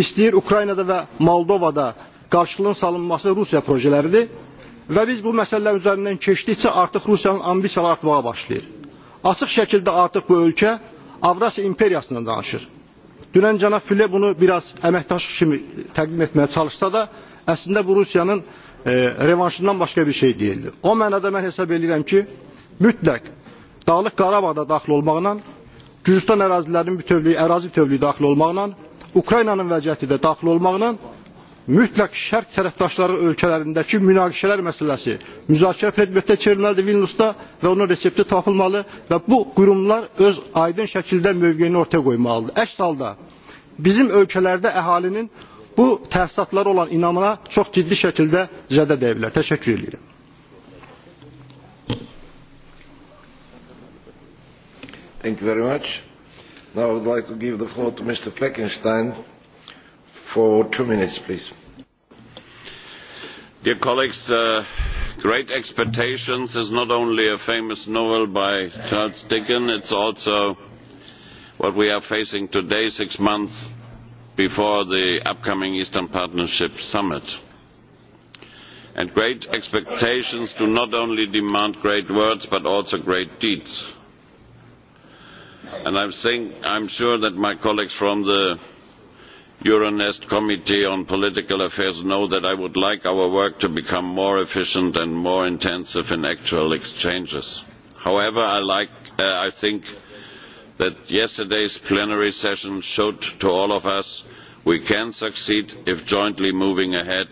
istəyir Ukraynada və Moldovada qarşılığın salınması Rusiya projeləridir və biz bu məsələlər üzərindən keçdikcə artıq Rusiyanın ambisiyaları artmağa başlayır. Açıq şəkildə artıq bu ölkə Avrasiya imperiyasından danışır. Dünən cənab Füle bunu biraz əməkdaşlıq kimi təqdim etməyə çalışsa da, əslində bu Rusiyanın e, revanşından başqa bir şey deyildi. O mənada mən hesab edirəm ki, mütləq Dağlıq Qarabağda daxil olmaqla, Gürcüstan ərazilərinin bütövlüyü, ərazi bütövlüyü daxil olmaqla, Ukraynanın vəziyyəti də daxil olmaqla mütləq şərq tərəfdaşları ölkələrindəki münaqişələr məsələsi müzakirə predmetdə çevrilməlidir Vilnusda və onun resepti tapılmalı və bu qurumlar öz aydın şəkildə mövqeyini ortaya qoymalıdır. Əks halda bizim ölkələrdə əhalinin bu təsisatlara olan inamına çox ciddi şəkildə zədə dəyə bilər. Təşəkkür edirəm. Thank you very much. Now I would like to give the floor to Mr. Fleckenstein for two minutes, please. Dear colleagues, uh, Great Expectations is not only a famous novel by Charles Dickens, it's also what we are facing today, six months before the upcoming Eastern Partnership Summit. And great expectations do not only demand great words, but also great deeds and I'm, saying, I'm sure that my colleagues from the euronest committee on political affairs know that i would like our work to become more efficient and more intensive in actual exchanges. however I, like, uh, i think that yesterday's plenary session showed to all of us we can succeed if jointly moving ahead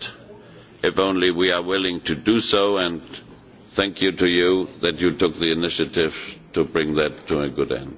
if only we are willing to do so and thank you to you that you took the initiative to bring that to a good end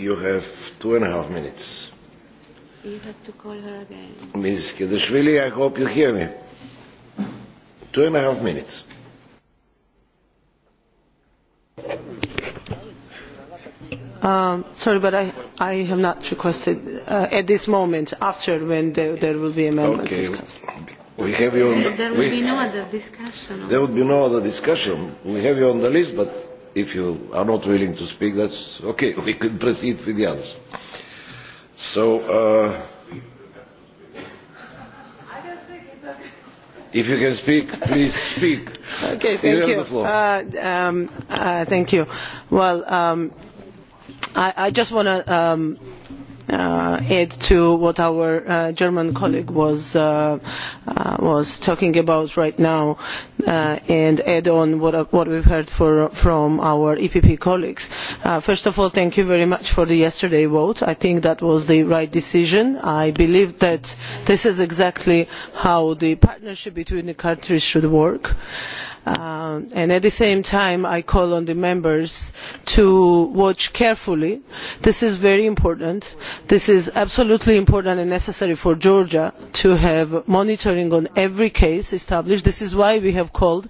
you have two and a half minutes. You have to call her again. Mrs. Kedeshvili, I hope you hear me. Two and a half minutes. Um, sorry, but I, I have not requested uh, at this moment, after when there, there will be amendments okay. discussed. We have you on the, there will we, be no other discussion. There would be no other discussion. We have you on the list, but if you are not willing to speak, that's okay. We can proceed with the others. So, uh, if you can speak, please speak. okay, thank you. Have you. The floor. Uh, um, uh, thank you. Well, um, I, I just want to. Um, uh, add to what our uh, German colleague was uh, uh, was talking about right now, uh, and add on what uh, what we've heard for, from our EPP colleagues. Uh, first of all, thank you very much for the yesterday vote. I think that was the right decision. I believe that this is exactly how the partnership between the countries should work. Uh, Uh, and at the same time i call on the members to watch carefully this is very important this is absolutely important and necessary for georgia to have monitoring on every case established this is why we have called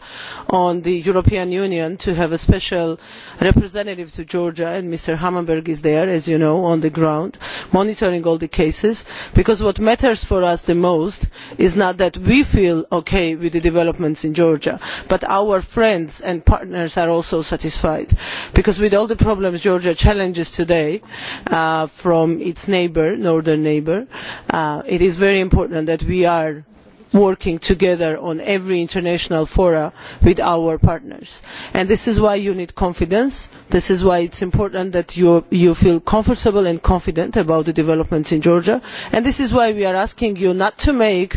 on the european union to have a special representative to georgia and mr hammarberg is there as you know on the ground monitoring all the cases because what matters for us the most is not that we feel okay with the developments in georgia but that our friends and partners are also satisfied because with all the problems georgia faces today uh, from its northern neighbour uh, it is very important that we are working together on every international forum with our partners. this is why you need confidence this is why it is important that you, you feel comfortable and confident about the developments in georgia and this is why we are asking you not to make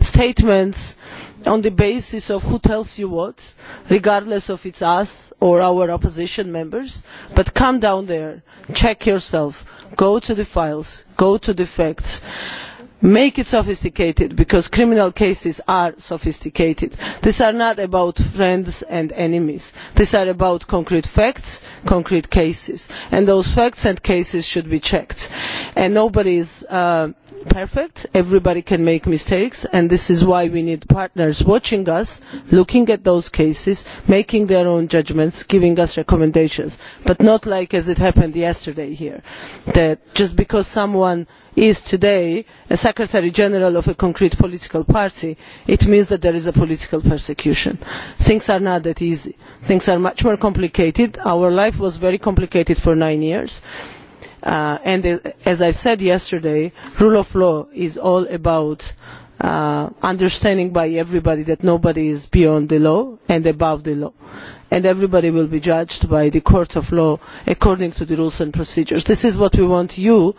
statements on the basis of who tells you what regardless of it's us or our opposition members but come down there check yourself go to the files go to the facts make it sophisticated because criminal cases are sophisticated. these are not about friends and enemies these are about concrete facts concrete cases and those facts and cases should be checked. And nobody is uh, perfect everybody can make mistakes and this is why we need partners watching us looking at those cases making their own judgments giving us recommendations but not like as it happened yesterday here that just because someone is today a secretary general of a concrete political party it means that there is political persecution. things are not that easy. things are much more complicated. our life was very complicated for nine years uh, and uh, as i said yesterday the rule of law is all about uh, understanding by everybody that nobody is beyond the law and above the law and everybody will be judged by the court of law according to the rules and procedures. this is what we want you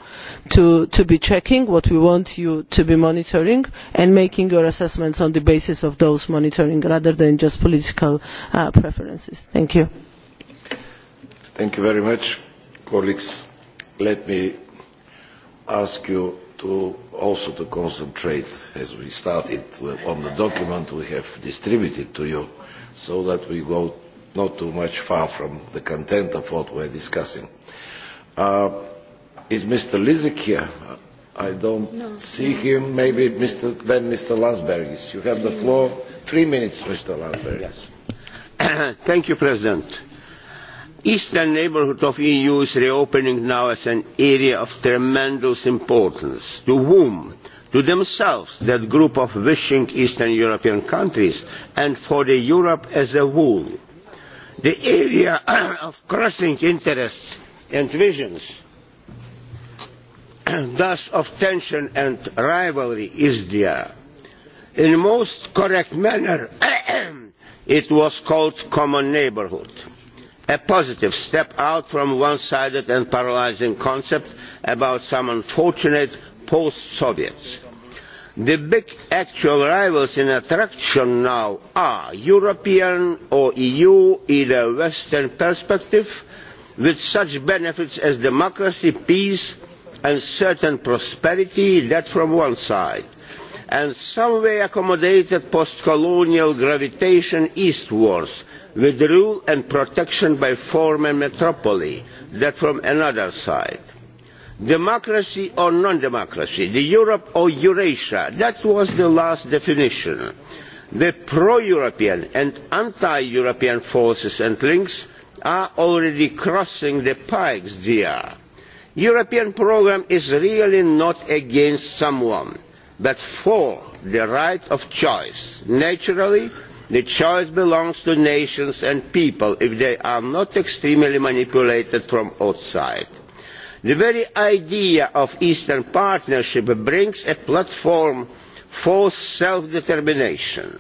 to, to be checking what we want you to be monitoring and making your assessments on the basis of those monitoring rather than just political uh, preferences. thank you. thank you very much. colleagues, let me ask you to also to concentrate as we started on the document we have distributed to you so that we go not too much far from the content of what we are discussing. Uh, is Mr. Lizik here? I don't no. see him. Maybe Mr. then Mr. Landsbergis. You have the floor. Three minutes, Mr. Landsbergis. Yes. [COUGHS] Thank you, President. Eastern neighbourhood of EU is reopening now as an area of tremendous importance. To whom? To themselves, that group of wishing Eastern European countries, and for the Europe as a whole the area [CLEARS THROAT] of crossing interests and visions [CLEARS THROAT] thus of tension and rivalry is there. in the most correct manner [CLEARS THROAT] it was called common neighbourhood a positive step out from one sided and paralysing concept about some unfortunate post soviets the big actual rivals in attraction now are european or eu in a western perspective with such benefits as democracy peace and certain prosperity that from one side and some way accommodated post colonial gravitation eastwards with rule and protection by former metropoly that from another side democracy or non-democracy, the Europe or Eurasia. That was the last definition. The pro-European and anti-European forces and links are already crossing the pikes there. European program is really not against someone, but for the right of choice. Naturally, the choice belongs to nations and people if they are not extremely manipulated from outside the very idea of the eastern partnership brings a platform for self determination.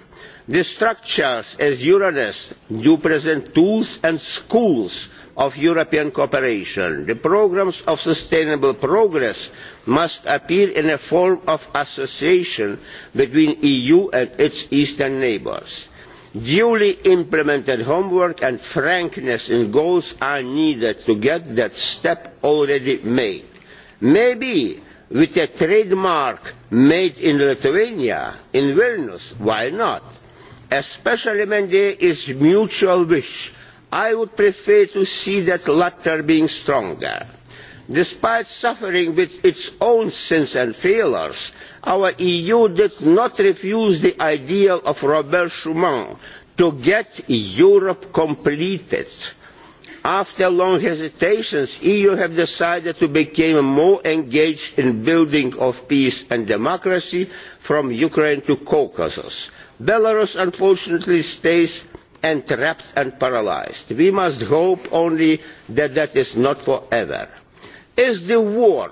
the structures as euronest do present tools and schools of european cooperation. the programmes of sustainable progress must appear in a form of association between the eu and its eastern neighbours duly implemented homework and frankness in goals are needed to get that step already made. maybe with a trademark made in lithuania in vilnius why not? especially when there is mutual wish i would prefer to see that latter being stronger. despite suffering with its own sins and failures our eu did not refuse the ideal of robert schuman to get europe completed. after long hesitations the eu has decided to become more engaged in the building of peace and democracy from ukraine to the caucasus. belarus unfortunately stays entrapped and paralysed. we must hope only that that is not forever. is the war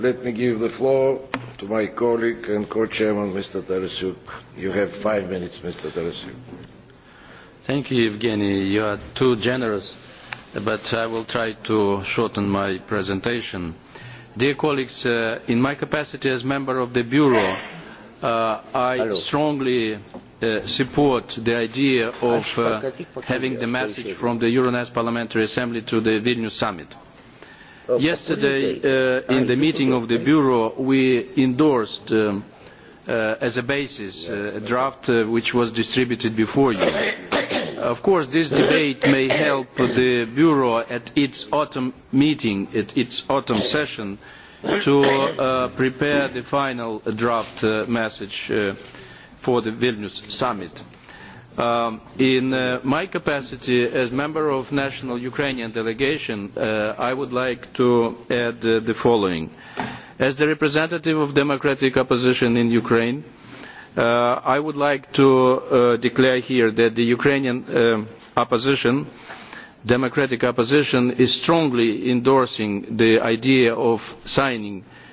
Let me give the floor to my colleague and co-chairman, Mr. Tarasuk. You have five minutes, Mr. Tarasuk. Thank you, Evgeny. You are too generous, but I will try to shorten my presentation. Dear colleagues, uh, in my capacity as member of the Bureau, uh, I Hello. strongly uh, support the idea of uh, having the message from the Euronest Parliamentary Assembly to the Vilnius Summit. Uh, Yesterday, uh, in ah, the meeting of the Bureau, we endorsed um, uh, as a basis uh, a draft which was distributed before you. [COUGHS] Of course, this debate may help the Bureau at its autumn meeting, at its autumn session, to prepare the final draft message for the Vilnius summit Um, in uh, my capacity as member of national Ukrainian delegation, uh, I would like to add uh, the following. As the representative of democratic opposition in Ukraine, I would like to declare here that the Ukrainian opposition um, opposition democratic opposition is strongly endorsing the idea of signing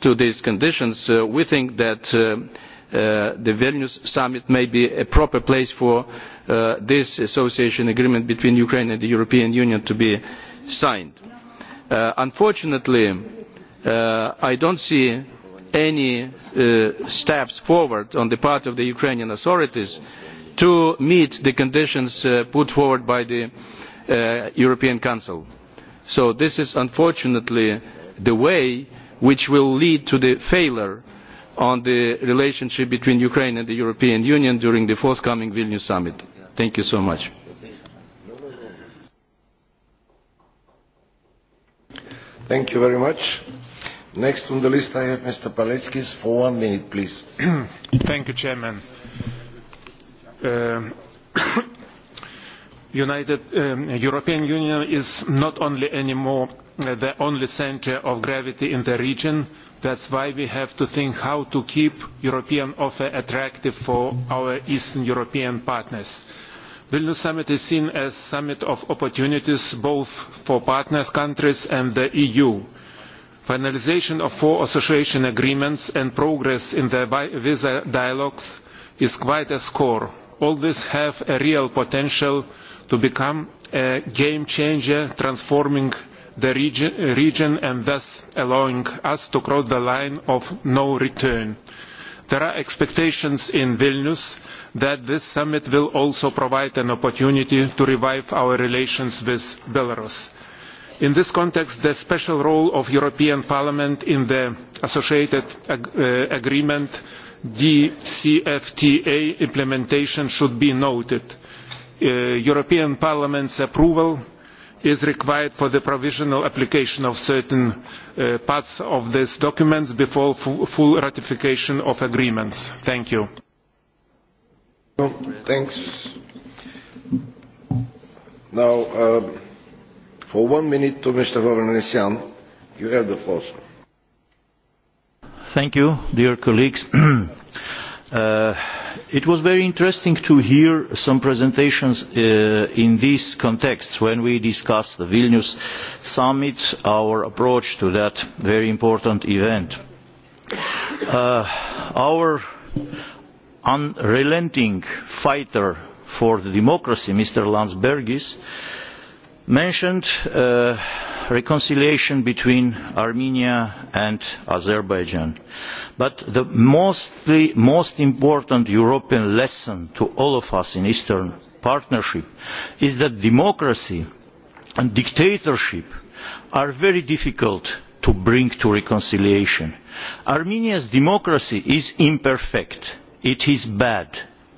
to these conditions uh, we think that uh, uh, the vilnius summit may be a proper place for uh, this association agreement between ukraine and the european union to be signed. Uh, unfortunately uh, i do not see any steps forward on the part of the ukrainian authorities to meet the conditions put forward by the european council. so this is unfortunately the way which will lead to the failure on the relationship between Ukraine and the European Union during the forthcoming Vilnius summit. Thank you so much. Thank you very much. Next on the list I have Mr. Paleckis for one minute, please. [COUGHS] Thank you, Chairman. Uh, [COUGHS] United um, European Union is not only anymore the only centre of gravity in the region. That's why we have to think how to keep European offer attractive for our Eastern European partners. Vilnius summit is seen as a summit of opportunities both for partner countries and the EU. Finalisation of four association agreements and progress in the visa dialogues is quite a score. All this have a real potential to become a game changer transforming the region and thus allowing us to cross the line of no return. There are expectations in Vilnius that this summit will also provide an opportunity to revive our relations with Belarus. In this context, the special role of European Parliament in the Associated ag uh, Agreement DCFTA implementation should be noted. Uh, European Parliament's approval is required for the provisional application of certain uh, parts of these documents before full ratification of agreements. Thank you. thanks. Now, uh, for one minute to Mr. Vavranesian, you have the floor. Sir. Thank you, dear colleagues. [CLEARS THROAT] uh, it was very interesting to hear some presentations uh, in this context when we discussed the Vilnius summit, our approach to that very important event. Uh, our unrelenting fighter for democracy, Mr. Landsbergis, mentioned uh, reconciliation between armenia and azerbaijan but the mostly, most important european lesson to all of us in the eastern partnership is that democracy and dictatorship are very difficult to bring to reconciliation. armenia's democracy is imperfect it is bad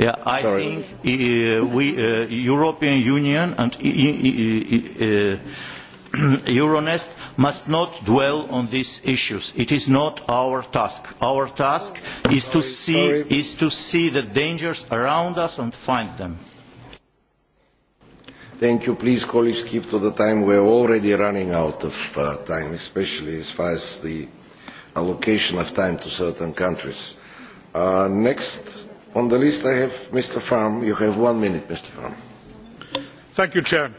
Yeah, I Sorry. think uh, we, uh, European Union and e, e, e, uh, [CLEARS THROAT] Euronest must not dwell on these issues. It is not our task. Our task is to see Sorry. is to see the dangers around us and find them. Thank you. Please, colleagues, keep to the time. We are already running out of uh, time, especially as far as the allocation of time to certain countries. Uh, next on the list i have mr farm you have one minute mr farm. thank you chair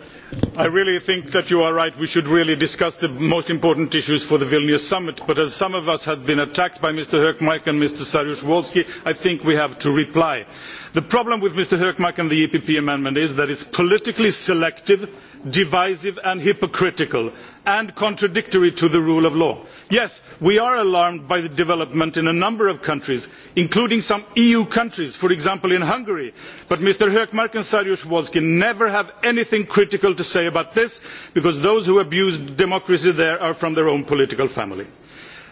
i really think that you are right we should really discuss the most important issues for the vilnius summit but as some of us have been attacked by mr hkmark and mr saryusz wolski i think we have to reply. the problem with mr hkmark and the epp amendment is that it is politically selective divisive and hypocritical and contradictory to the rule of law. yes we are alarmed by the development in a number of countries including some eu countries for example in hungary but mr hkmark and saryusz never have anything critical to say about this because those who abuse democracy there are from their own political family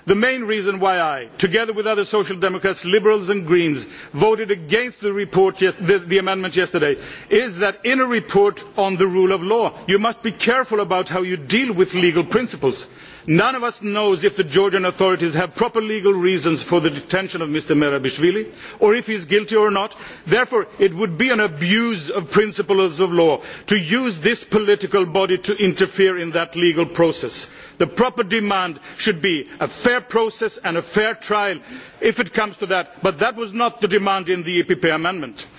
the main reason why i together with other social democrats liberals and greens voted against the amendment yesterday is that in a report on the rule of law you must be careful about how you deal with legal principles none of us knows if the georgian authorities have proper legal reasons for the detention of mr merabishvili or if he is guilty or not. therefore it would be an abuse of principles of law to use this political body to interfere in that legal process. the proper demand should be a fair process and a fair trial if it comes to that but that was not the demand in the epp amendment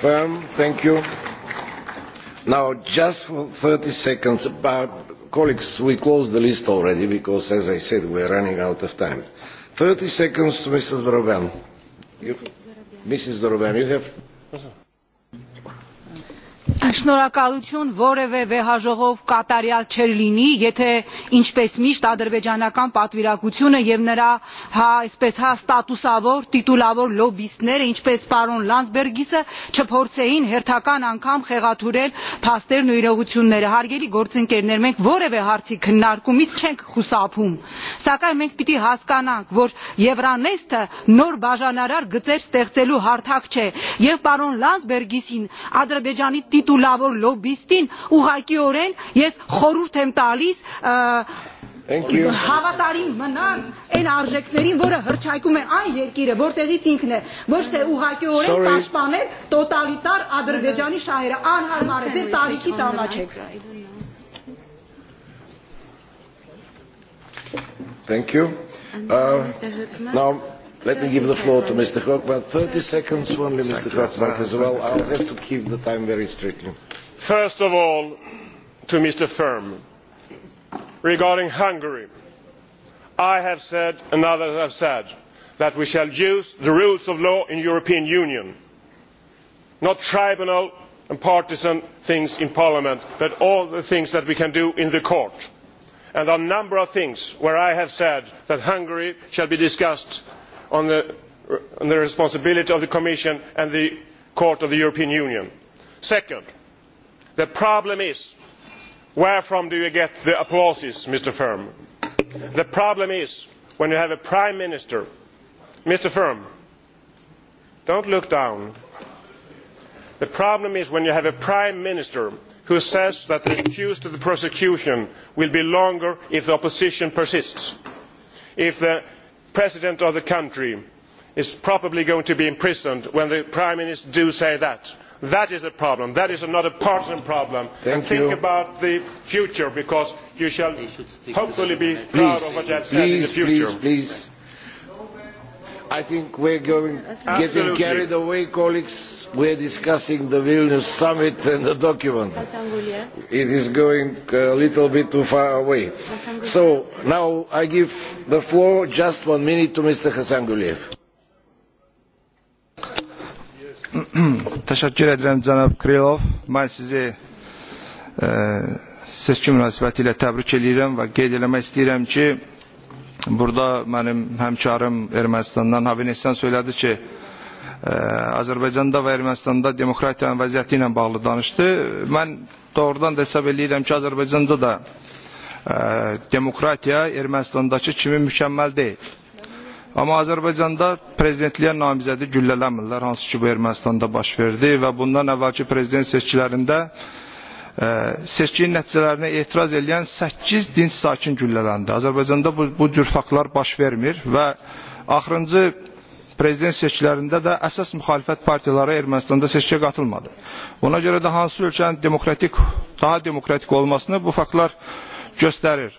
firm. Thank you. Now, just for 30 seconds, but colleagues, we closed the list already because, as I said, we are running out of time. 30 seconds to Mrs. Dorovan. Mrs. Dorovan, you have շնորհակալություն որևէ վեհաժողով կատարյալ չէր լինի եթե ինչպես միշտ ադրբեջանական պատվիրակությունը և նրա այսպես հա ստատուսավոր տիտուլավոր լոբբիստները ինչպես պարոն լանdsբերգիսը չփորձեին հերթական անգամ խեղաթյուրել փաստերն ու իրողությունները։ հարգելի գործընկերներ մենք որևէ հարցի քննարկումից չենք խուսափում սակայն մենք պիտի հասկանանք որ euronest ը նոր բաժանարար գծեր ստեղծելու հարթակ չէ և պարոն լանdsբերգիսին ադրբեջանի տիտուլավոր լոբիստին օրեն ես խորհուրդ եմ տալիս հավատարիմ մնան այն արժեքներին որը հրճայկում է այն երկիրը որտեղից ինքն է ոչ թե ուղակի օրեն պաշտպանել տոտալիտար ադրբեջանի շահերը անհարմար է ձեր տարիքից ամաչեք Thank you. Uh, now, Let me give the floor to Mr. Hochman. 30 seconds only, Mr. Hochman, as well. I'll have to keep the time very strictly. First of all, to Mr. Firm, regarding Hungary, I have said, and others have said, that we shall use the rules of law in the European Union, not tribunal and partisan things in Parliament, but all the things that we can do in the court. And there are a number of things where I have said that Hungary shall be discussed on the, responsibility of the commission and the court of the european union. second the problem is where do you get the applause mr färm? the problem is when you have a prime minister mr färm do not look down the problem is when you have a prime minister who says that the queues to the prosecution will be longer if the opposition persists if the president of the country is probably going to be imprisoned when the prime minister says that. that is the problem. that is not a partisan problem. think about the future because you shall hopefully be proud of what you have said in the future. I think we're are getting carried away, colleagues. We're discussing the Vilnius summit and the document. It is going a little bit too far away. So now I give the floor just one minute to Mr. Hasanguliev. [CLEARS THROAT] Teşekkür ederim Cənab Krilov. Mən sizi e, seçki münasibətilə təbrik edirəm və qeyd eləmək istəyirəm ki, burada mənim həmkarım Ermənistandan Havinisyan söylədi ki, e, Azərbaycanda və Ermənistanda demokratiyanın vəziyyəti ilə bağlı danışdı. Mən doğrudan da hesab edirəm ki, Azərbaycanda da e, demokratiya Ermənistandakı kimi mükəmməl deyil. Amma Azərbaycanda prezidentliyə namizədi güllələmirlər, hansı ki bu Ermənistanda baş verdi və bundan əvvəlki prezident seçkilərində seçkin nəticələrinə etiraz edən 8 dinç sakin güllələndi. Azərbaycanda bu, bu cür faktlar baş vermir və axırıncı prezident seçkilərində də əsas müxalifət partiyaları Ermənistanda seçkiyə qatılmadı. Ona görə də hansı ölkənin demokratik, daha demokratik olmasını bu faktlar göstərir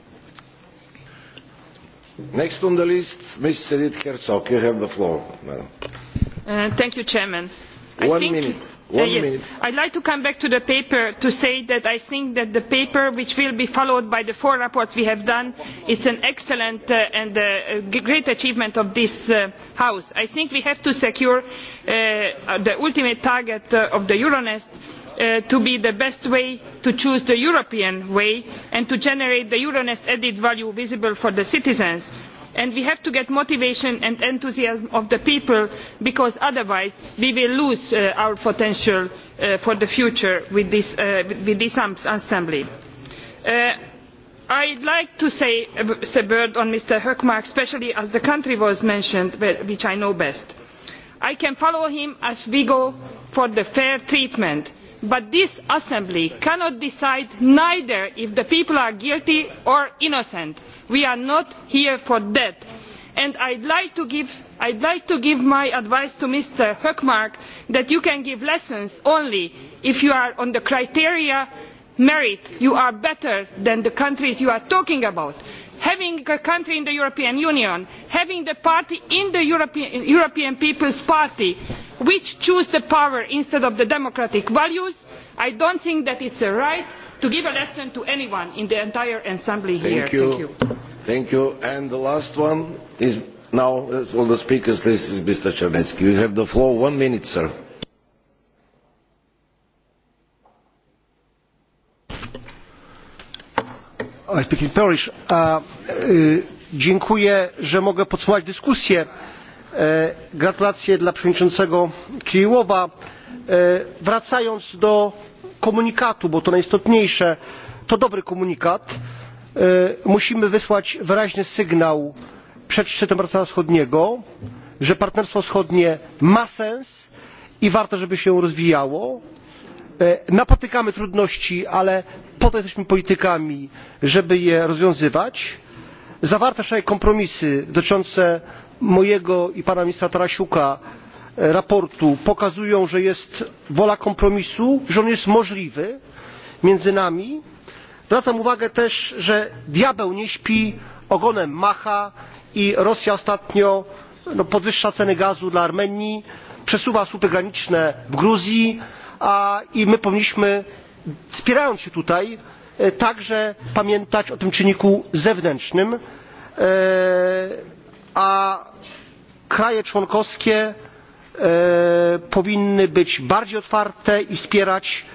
Next on the list, Ms. Herzog. You have the floor, madam. Uh, thank you, Chairman. I One minute. would uh, like to come back to the paper to say that i think that the paper which will be followed by the four reports we have done is an excellent uh, and a great achievement of this house. i think we have to secure the ultimate target of the euronest Uh, to be the best way to choose the european way and to generate the euronest added value visible for the citizens and we have to get the motivation and enthusiasm of the people because otherwise we will lose uh, our potential uh, for the future with this, with this assembly i would like to say a word on mr hkmark especially as the country was mentioned which i know best. i can follow him as we go for the fair treatment but this assembly cannot decide either if the people are guilty or innocent. we are not here for that. i would like, to give my advice to mr hkmark that you can give lessons only if you are on the criteria of merit you are better than the countries you are talking about having a country in the european union having the party in the european people's party which choose the power instead of the democratic values i do not think that it is right to give a lesson to anyone in the entire assembly here. Thank you. Thank you. and the last one is now uh, the speakers list is mr you have the floor one minute sir. I dziękuję, że mogę podsumować dyskusję E, gratulacje dla przewodniczącego kiryłowa. E, wracając do komunikatu bo to najistotniejsze to dobry komunikat. E, musimy wysłać wyraźny sygnał przed szczytem partnerstwa wschodniego że partnerstwo wschodnie ma sens i warto żeby się rozwijało. napotykamy trudności ale po to jesteśmy politykami żeby je rozwiązywać. zawarte wczoraj kompromisy dotyczące mojego i pana ministra tarasiuka sprawozdania e, pokazują że jest wola kompromisu że on jest możliwy między nami. zwracam uwagę też że diabeł nie śpi ogonem macha i rosja ostatnio podwyższa ceny gazu dla armenii przesuwa słupy graniczne w gruzji a, i my powinniśmy spierając się tutaj e, także pamiętać o tym czynniku zewnętrznym. E, a kraje członkowskie e, powinny być bardziej otwarte i wspierać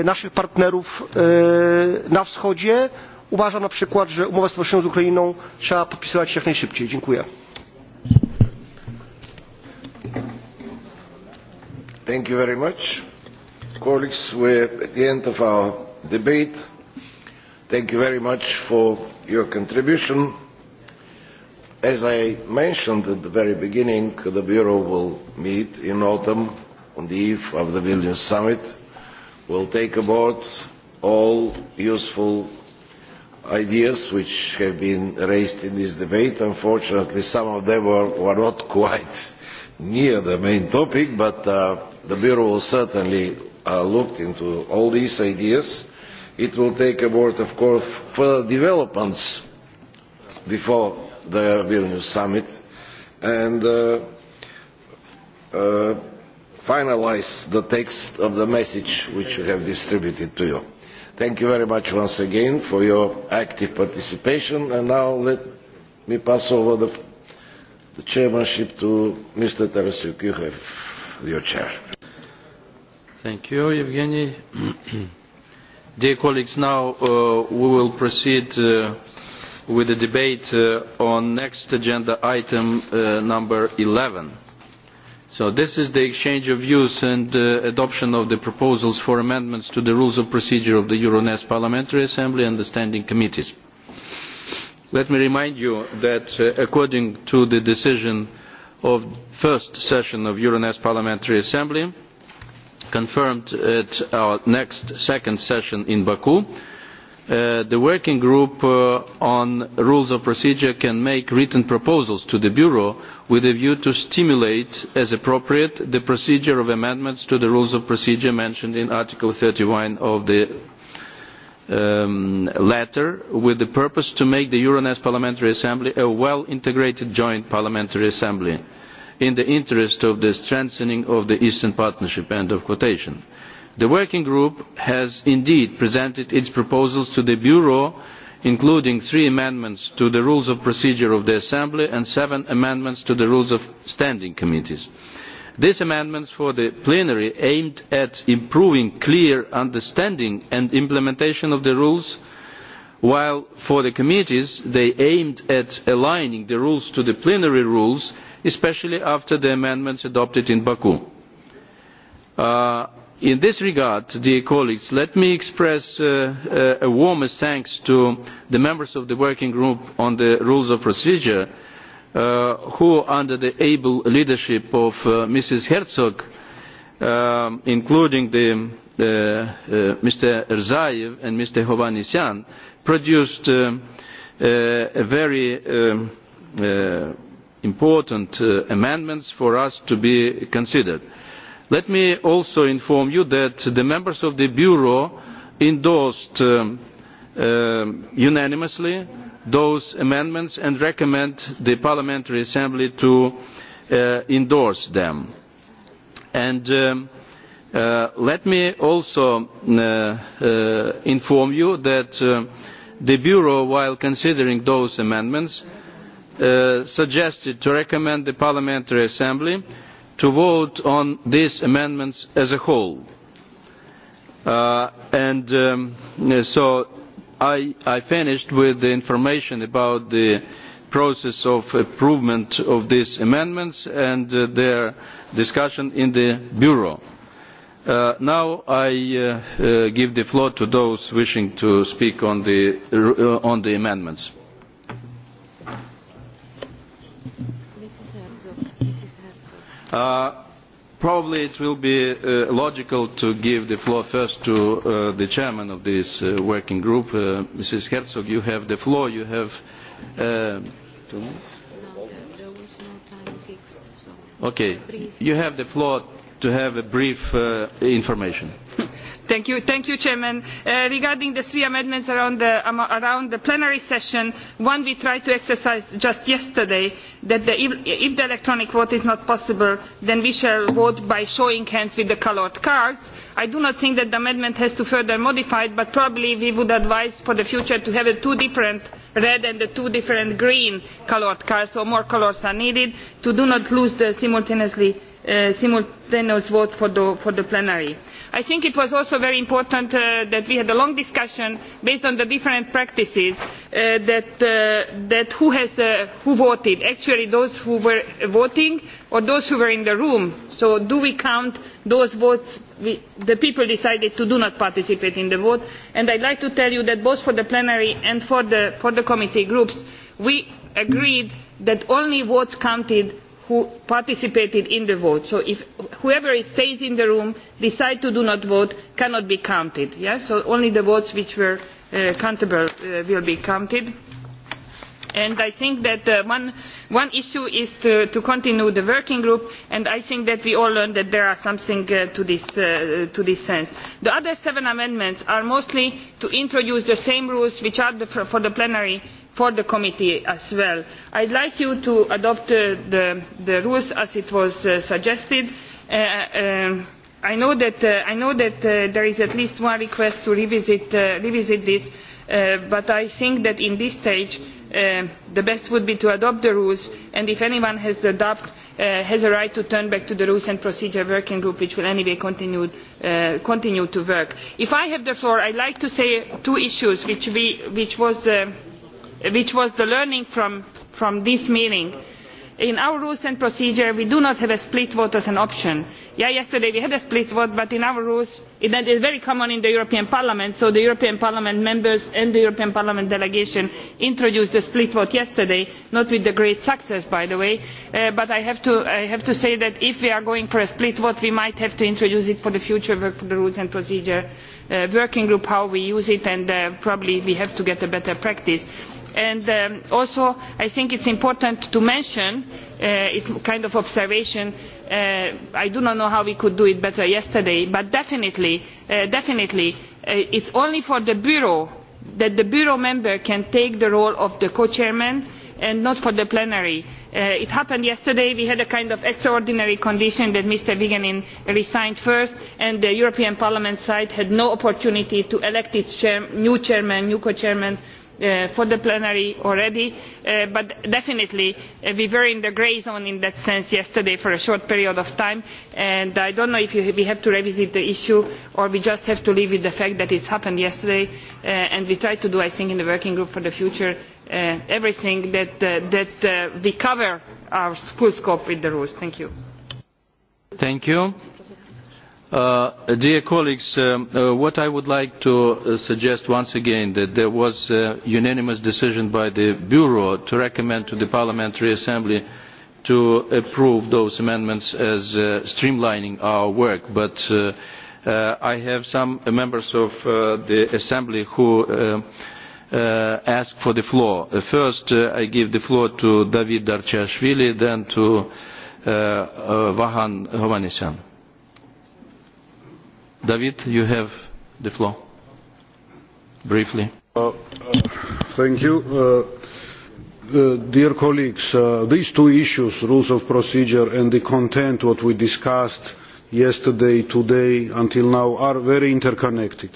e, naszych partnerów e, na wschodzie. uważam na przykład że umowę stowarzyszeniową z ukrainą trzeba podpisywać jak najszybciej. dziękuję as i mentioned at the very beginning the bureau will meet in autumn on the eve of the vilnius summit we will take aboard all useful ideas which have been raised in this debate. unfortunately some of them were, were not [LAUGHS] quite near the main topic but uh, the bureau will certainly uh, look into all these ideas. it will take aboard of course further developments before the Vilnius summit and uh, uh, finalise the text of the message which we have distributed to you. Thank you very much once again for your active participation and now let me pass over the, the chairmanship to Mr. Tarasuk. You have your chair. Thank you, Evgeny. [CLEARS THROAT] Dear colleagues, now uh, we will proceed uh, with the debate uh, on next agenda item uh, number 11. So this is the exchange of views and uh, adoption of the proposals for amendments to the rules of procedure of the Euronest Parliamentary Assembly and the standing committees. Let me remind you that uh, according to the decision of first session of Euronest Parliamentary Assembly, confirmed at our next second session in Baku, Uh, the working group uh, on rules of procedure can make written proposals to the bureau with a view to stimulate as appropriate the procedure of amendments to the rules of procedure mentioned in article thirty one of the um, letter with the purpose to make the euronest parliamentary assembly a well integrated joint parliamentary assembly in the interest of the strengthening of the eastern partnership. end of quotation the working group has indeed presented its proposals to the bureau including three amendments to the rules of procedure of the assembly and seven amendments to the rules of standing committees. these amendments for the plenary aimed at improving clear understanding and implementation of the rules while for the committees they aimed at aligning the rules to the plenary rules especially after the amendments adopted in baku. Uh, in this regard dear colleagues let me express my uh, uh, a warmest thanks to the members of the working group on the rules of procedure uh, who under the able leadership of mrs herczog um, including mr erzaev and mr hovhannisyan produced um, very um, important amendments for us to be considered let me also inform you that the members of the bureau endorsed um, um, unanimously those amendments and recommend the parliamentary assembly to uh, endorse them. And, um, uh, let me also uh, inform you that the bureau while considering those amendments suggested to recommend the parliamentary assembly to vote on these amendments as a whole. Uh, and um, so I, I finished with the information about the process of improvement of these amendments and uh, their discussion in the Bureau. Uh, now I uh, uh, give the floor to those wishing to speak on the, uh, on the amendments. Uh, probably it will be uh, logical to give the floor first to uh, the chairman of this uh, working group, uh, Mrs. Herzog. You have the floor. You have. Uh, two minutes? okay, you have the floor to have a brief uh, information. [LAUGHS] Thank you, Chairman. Uh, regarding the three amendments um, around the, plenary session, one we tried to exercise just yesterday, that if, the electronic vote is not possible, then we shall vote by showing hands with the coloured cards. I do not think that the amendment has to further modify it, but probably we would advise for the future to have two different red and two different green coloured cards, so more colours are needed to do not lose the simultaneously Uh, simultaneous vote for the, plenary. i think it was also very important uh, that we had a long discussion based on the different practices on uh, who, has, voted actually those who were voting or those who were in the room so do we count those votes the people decided to not participate in the vote and i would like to tell you that both for the plenary and for the committee groups we agreed that only votes counted who participated in the vote so if whoever stays in the room decides to not vote cannot be counted so only the votes which were uh, countable uh, will be counted and i think that uh, one, one issue is to, to continue the working group and i think that we all learned that there is something to, this, uh, to this sense. the other seven amendments are mostly to introduce the same rules which are the, for the plenary for the committee as well. i would like you to adopt uh, the, rules as was uh, suggested. Uh, i know that, there is at least one request to revisit, this but i think that at this stage the best would be to adopt the rules and if anyone has a doubt has a right to turn back to the rules and procedure working group which will anyway continue, to work. if i have the floor i would like to say two issues which, which was, which was the learning from, this meeting in our rules and procedure we do not have a split vote as an option. yesterday we had a split vote but in our rules that is very common in the european parliament so the european parliament members and the european parliament delegation introduced a split vote yesterday not with great success by the way uh, but I have, to, say that if we are going for a split vote we might have to introduce it for the future work of the rules and procedure uh, working group how we use it and uh, probably we have to get a better practice and uh, also i think it is important to mention uh, it is a kind of observation uh, i do not know how we could do it better yesterday but definitely, it is only for the bureau that the bureau member can take the role of the co chair and not for the plenary. it happened yesterday we had a kind of extraordinary condition that mr vigenin resigned first and the european parliament side had no opportunity to elect its chair, new chairman new co chair Uh, for the plenary already uh, but definitely uh, we were in the grey zone in that sense yesterday for a short period of time and i do not know if we have to revisit the issue or we just have to live with the fact that it happened yesterday and we try to do i think in the working group for the future everything that, that we cover our full scope with the rules. thank you. Thank you. Uh, dear colleagues, um, uh, what I would like to uh, suggest once again is that there was a unanimous decision by the Bureau to recommend to the Parliamentary Assembly to approve those amendments as streamlining our work. But I have some members of the Assembly who ask for the floor. first, I give the floor to David Darchashvili, then to Vahan hovhannisyan. David, you have the floor. Briefly. Uh, uh, thank you. Uh, uh dear colleagues, uh, these two issues, rules of procedure and the content, what we discussed yesterday, today, until now, are very interconnected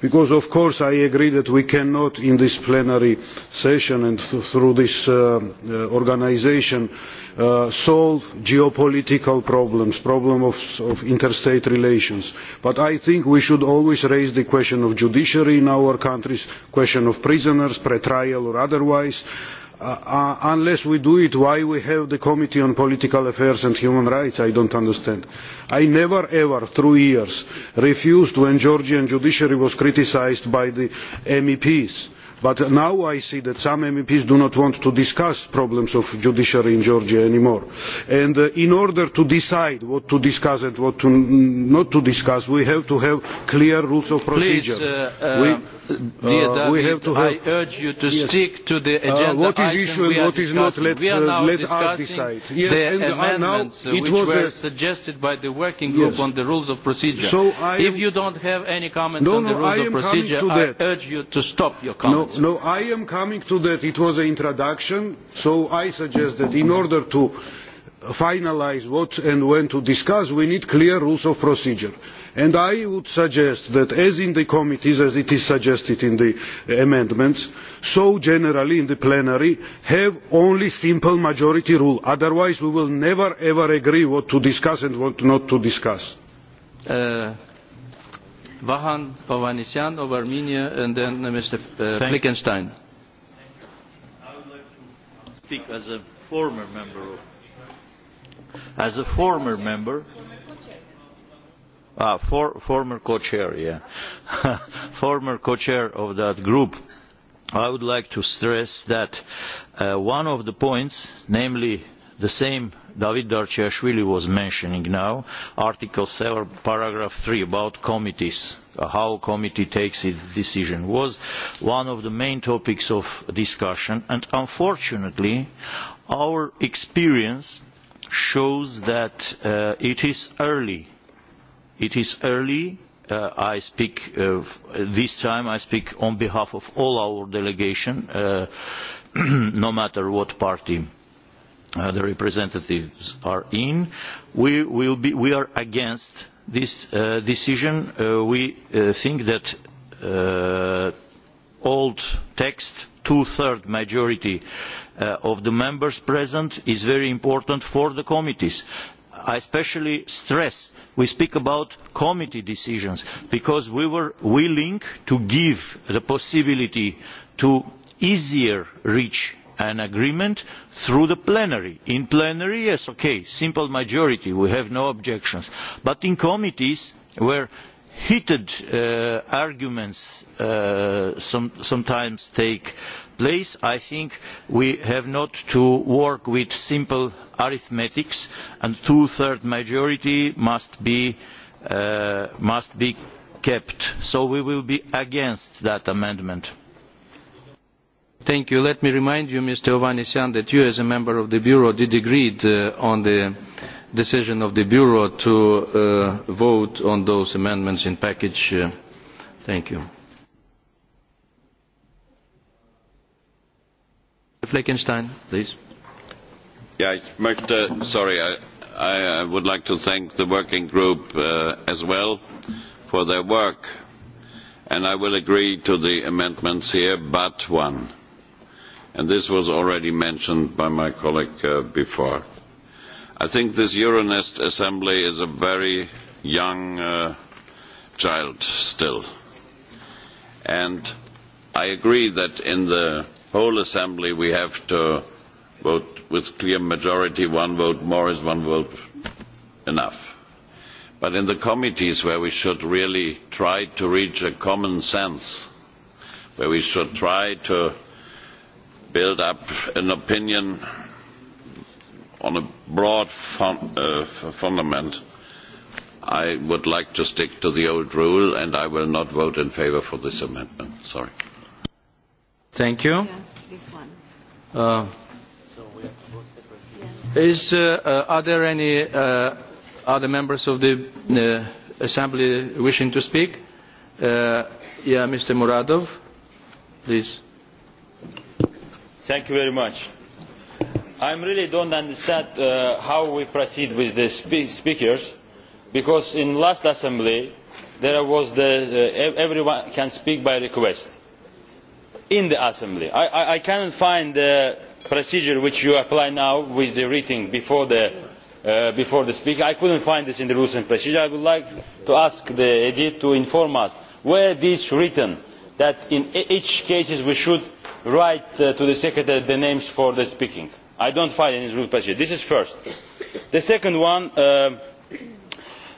because of course i agree that we cannot in this plenary session and through this uh, uh, organisation uh, solve geopolitical problems problems of, of interstate relations but i think we should always raise the question of the judiciary in our countries the question of prisoners pre trial or otherwise and Uh, uh, unless we do it why we have the committee on political affairs and human rights i do not understand. i never ever through the years refused when the georgian judiciary was criticised by the meps but now i see that some meps do not want to discuss problems of the judiciary in georgia any more. And, uh, in order to decide what to discuss and what to not to discuss we have to have clear rules of procedure. Uh, Dear David, uh, we have to have, I urge you to yes. stick to the uh, agenda. Uh, what is issue and what is not, let, we are uh, now let us decide. Yes, the and amendments now it which was were a... suggested by the working group yes. on the rules of procedure. So am... If you don't have any comments no, on the rules no, of procedure, I that. urge you to stop your comments. No, no, I am coming to that. It was an introduction, so I suggest that in order to finalize what and when to discuss, we need clear rules of procedure and i would suggest that as in the committees as is suggested in the amendments so generally in the plenary have only simple majority rule otherwise we will never ever agree what to discuss and what not to discuss. Uh, uh, uh, as a former member Ah, for, former co-chair, yeah. [LAUGHS] former co-chair of that group. I would like to stress that uh, one of the points, namely the same David Darciashvili was mentioning now, Article 7, paragraph 3 about committees, uh, how a committee takes its decision, was one of the main topics of discussion. And unfortunately, our experience shows that uh, it is early it is early uh, I speak uh, this time I speak on behalf of all our delegation uh, [CLEARS THROAT] no matter what party uh, the representatives are in we will be we are against this uh, decision uh, we uh, think that uh, old text two-thirds majority uh, of the members present is very important for the committees i especially stress we speak about committee decisions because we were willing to give the possibility to easier reach an agreement through the plenary. in plenary yes ok simple majority we have no objections but in committees where heated uh, arguments uh, sometimes take place place i think we have not to work with simple arithmetic and a two thirds majority uh, must be, kept so we will be against that amendment. Thank you. let me remind you mr ovanesyan that you as a member of the bureau did agree uh, on the decision of the bureau to uh, vote on those amendments in package. thank you. Fleckenstein, please. sorry, I, would like to thank the working group uh, as well for their work. And I will agree to the amendments here, but one. And this was already mentioned by my colleague uh, before. I think this Euronest assembly is a very young uh, child still. And I agree that in the whole assembly we have to vote with clear majority one vote more is one vote enough but in the committees where we should really try to reach a common sense where we should try to build up an opinion on a broad fun, uh, fundament I would like to stick to the old rule and I will not vote in favor for this amendment sorry Thank you. Uh, is, uh, uh, are there any uh, other members of the uh, Assembly wishing to speak? Uh, yeah, Mr. Muradov, please. Thank you very much. I really don't understand uh, how we proceed with the spe speakers, because in last assembly there was the uh, e-, everyone can speak by request in the assembly. i, cannot find the procedure which you apply now with the reading before the, uh, speaker. i could not find this in the rules and procedure. i would like to ask the edit to inform us where this is written that in e, each case we should write uh, to the secretary the names for the speaking. i do not find any rules procedure. this is first. the second one uh,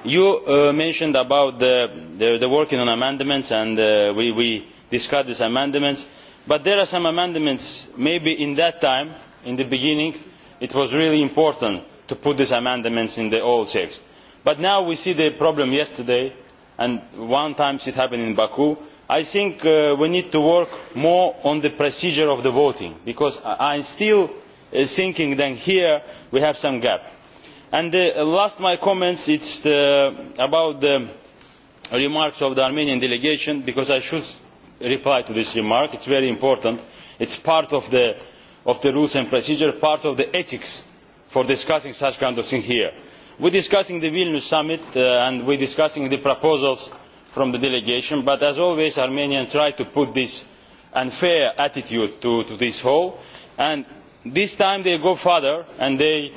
you mentioned about the, the, the working on amendments and we, we discussed these amendments but there are some amendments maybe at that time in the beginning it was really important to put these amendments in the old text but now we see the problem yesterday and one time it happened in baku i think uh, we need to work more on the procedure of the voting because i am still uh, thinking that here we have some gap and the uh, last my comments is about the remarks of the armenian delegation because i should reply to this remark. it is very important. it is part of the, rules and procedure part of the ethics for discussing such kind of things here. we are discussing the vilnius summit uh, and we are discussing the proposals from the delegation but as always Armenians try to put this unfair attitude to, to this whole and this time they go further and they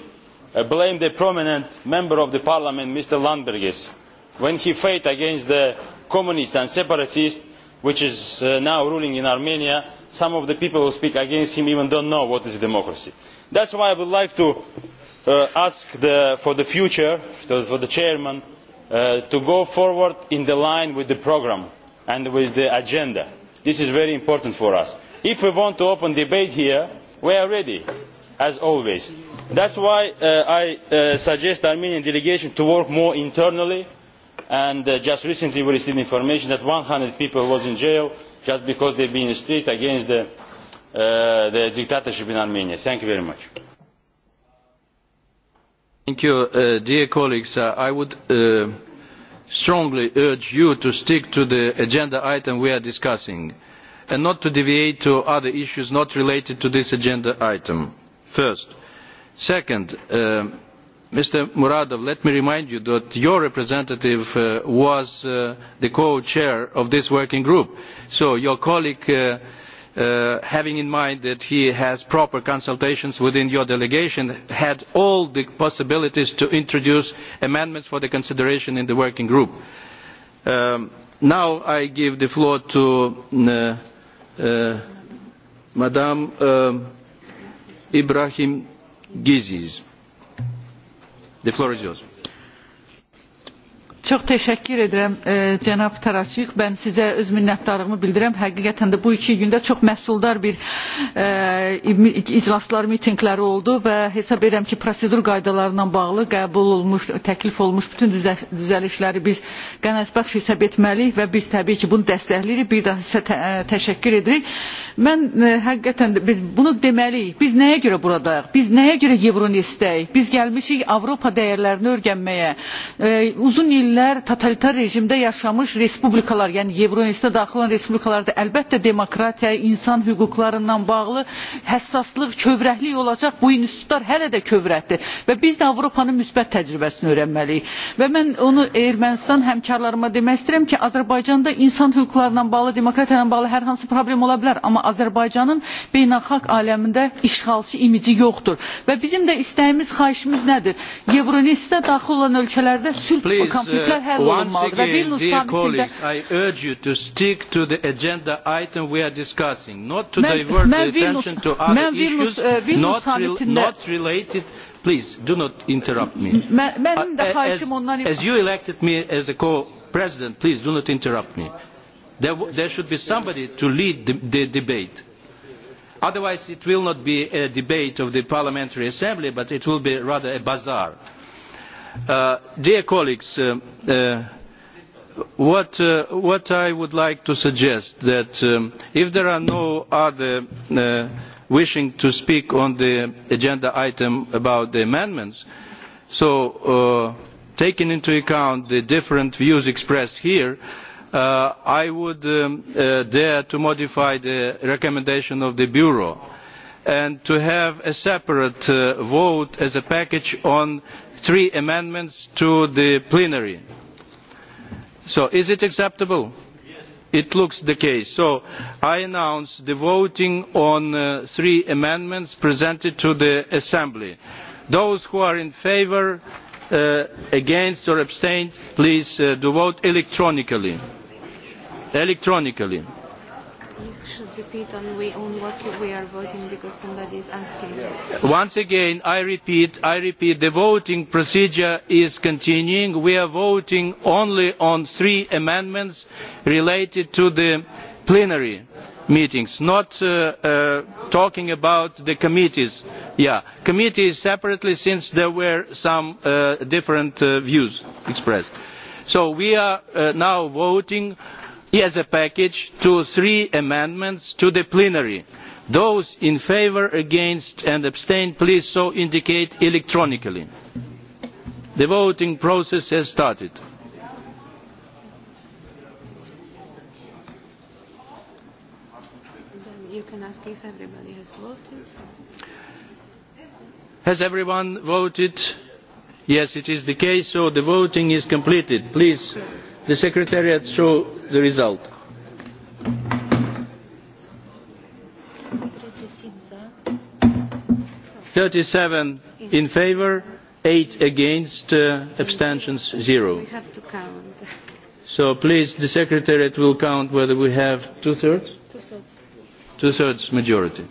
uh, blame the prominent member of the parliament mr landsbergis when he fought against the communists and separatists which is uh, now ruling in armenia some of the people who speak against him even do not know what is democracy. that is why i would like to uh, ask for the future for the chairman uh, to go forward in line with the programme and with the agenda. this is very important for us. if we want to open debate here we are ready as always. that is why i suggest the armenian delegation to work more internally and uh, just recently we received information that one hundred people were in jail just because they had been in the street against uh, the, dictatorship in armenia. thank you very much. You, uh, dear colleagues i would strongly urge you to stick to the agenda item we are discussing and not to deviate to other issues not related to this agenda item first. second um, Mr. Muradov, let me remind you that your representative uh, was uh, the co-chair of this working group. So your colleague, uh, having in mind that he has proper consultations within your delegation, had all the possibilities to introduce amendments for consideration in the working group. Um, now I give the floor to ms um, Ibrahim Gizis. The floor is yours. Çox təşəkkür edirəm e, cənab Tarasyuk. Mən sizə öz minnətdarlığımı bildirirəm. Həqiqətən də bu iki gündə çox məhsuldar bir e, iclaslar, mitinqləri oldu və hesab edirəm ki, prosedur qaydalarla bağlı qəbul olmuş, təklif olmuş bütün düzə, düzəlişləri biz qənaətbəxş hesab etməliyik və biz təbii ki, bunu dəstəkləyirik. Bir daha sizə tə, ə, e, təşəkkür edirik. Mən e, həqiqətən də biz bunu deməliyik. Biz nəyə görə buradayıq? Biz nəyə görə Euronestdəyik? Biz gəlmişik Avropa dəyərlərini öyrənməyə. E, uzun illər ermənilər totalitar rejimdə yaşamış respublikalar yəni yevroinstitutə daxil olan respublikalarda əlbəttə demokratiya insan hüquqlarından bağlı həssaslıq kövrəklik olacaq bu institutlar hələ də kövrətdir və biz də avropanın müsbət təcrübəsini öyrənməliyik və mən onu ermənistan həmkarlarıma demək istəyirəm ki azərbaycanda insan hüquqlarla bağlı demokratiya ilə bağlı hər hansı problem ola bilər amma azərbaycanın beynəlxalq aləmində işğalçı imici yoxdur və bizim də istəyimiz xahişimiz nədir yevroinstitutə daxil olan ölkələrdə sülh Please, konfliktlər Uh, once again, dear colleagues, I urge you to stick to the agenda item we are discussing, not to divert the attention to other issues uh, not related please do not interrupt me. Uh, as, as you elected me as a co-president, please do not interrupt me. There, there should be somebody to lead the, the debate. Otherwise it will not be a debate of the Parliamentary Assembly, but it will be rather a bazaar. Uh, dear colleagues, uh, uh, what, I would like to suggest is that um, if there are no other wishing to speak on the agenda item about the amendments, so taking into account the different views expressed here, I would um, dare to modify the recommendation of the Bureau and to have a separate vote as a package on three amendments to the plenary. so is it acceptable? Yes. it looks the case. so i announce the voting on uh, three amendments presented to the assembly. those who are in favour uh, against or abstain please uh, do vote electronically. electronically repeat on, we, on what we are voting because somebody is asking. Once again, I repeat, I repeat, the voting procedure is continuing. We are voting only on three amendments related to the plenary meetings, not uh, uh, talking about the committees. Yeah, committees separately since there were some uh, different uh, views expressed. So we are uh, now voting as a package to three amendments to the plenary. those in favour against and abstain please so indicate electronically. the voting process has started. has Has everyone voted? Yes, it is the case, so the voting is completed. Please The Secretariat show the result. Thirty-seven in favour, eight against, uh, abstentions zero. We have to count. So please, the Secretariat will count whether we have two-thirds? Two-thirds. Two-thirds majority.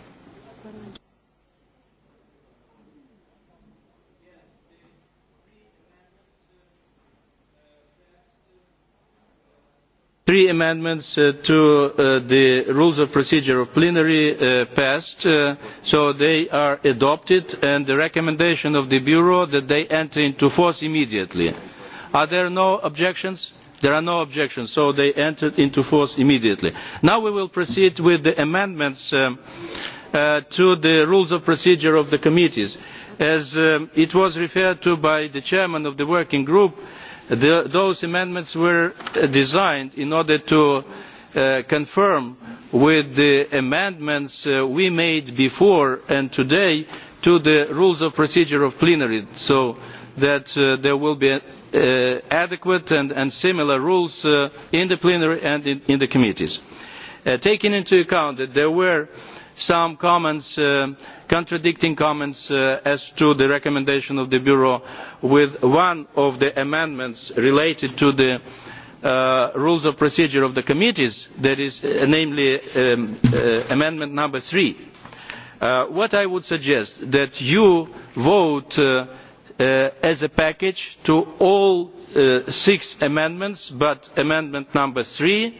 three amendments uh, to uh, the rules of procedure of plenary uh, passed uh, so they are adopted and the recommendation of the bureau that they enter into force immediately. are there no objections? there are no objections so they entered into force immediately. now we will proceed with the amendments um, uh, to the rules of procedure of the committees. as um, it was referred to by the chairman of the working group The, those amendments were designed in order to uh, confirm with the amendments uh, we made before and today to the rules of procedure of plenary so that uh, there will be uh, adequate and, and similar rules uh, in the plenary and in, in the committees. Uh, taking into account that there were some uh, contradicting comments uh, as to the recommendation of the Bureau with one of the amendments related to the uh, rules of procedure of the committees, that is, namely um, amendment number three. what I would suggest is that you vote as a package to all six amendments, but amendment number three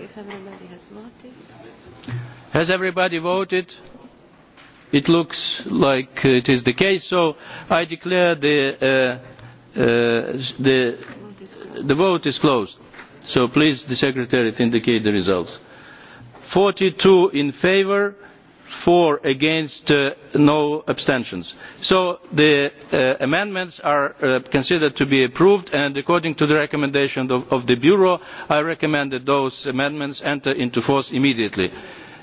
if everybody has voted. Has everybody voted? It looks like it is the case, so I declare the, uh, uh, the, the vote is closed. So please, the secretary, indicate the results. 42 in favour, four against uh, no abstentions so the uh, amendments are uh, considered to be approved and according to the recommendation of, the bureau i recommend that those amendments enter into force immediately.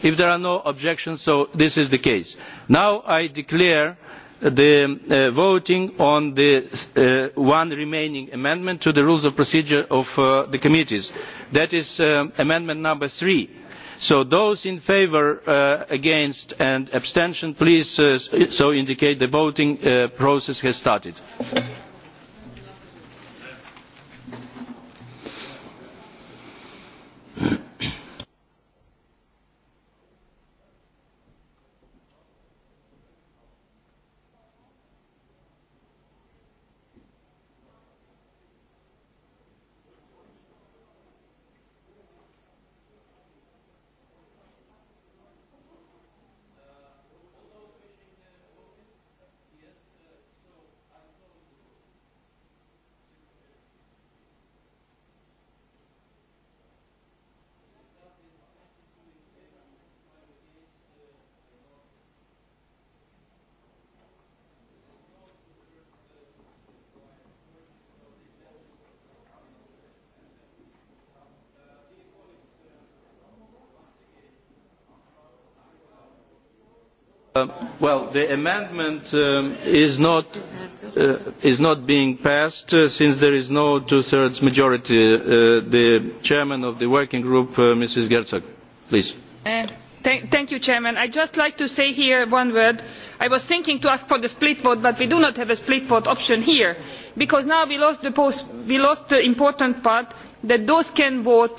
if there are no objections so this is the case. now i declare the voting on the one remaining amendment to the rules of procedure of the committees that is um, amendment number three so those in favour uh, against and abstention please uh, so indicate the voting uh, process has started. Well, the amendment um, is, not, uh, is not being passed uh, since there is no two-thirds majority. Uh, the chairman of the working group, uh, Mrs. Gerzog, please. Uh, th thank you, chairman. I'd just like to say here one word. I was thinking to ask for the split vote, but we do not have a split vote option here, because now we lost the, post, we lost the important part that those can vote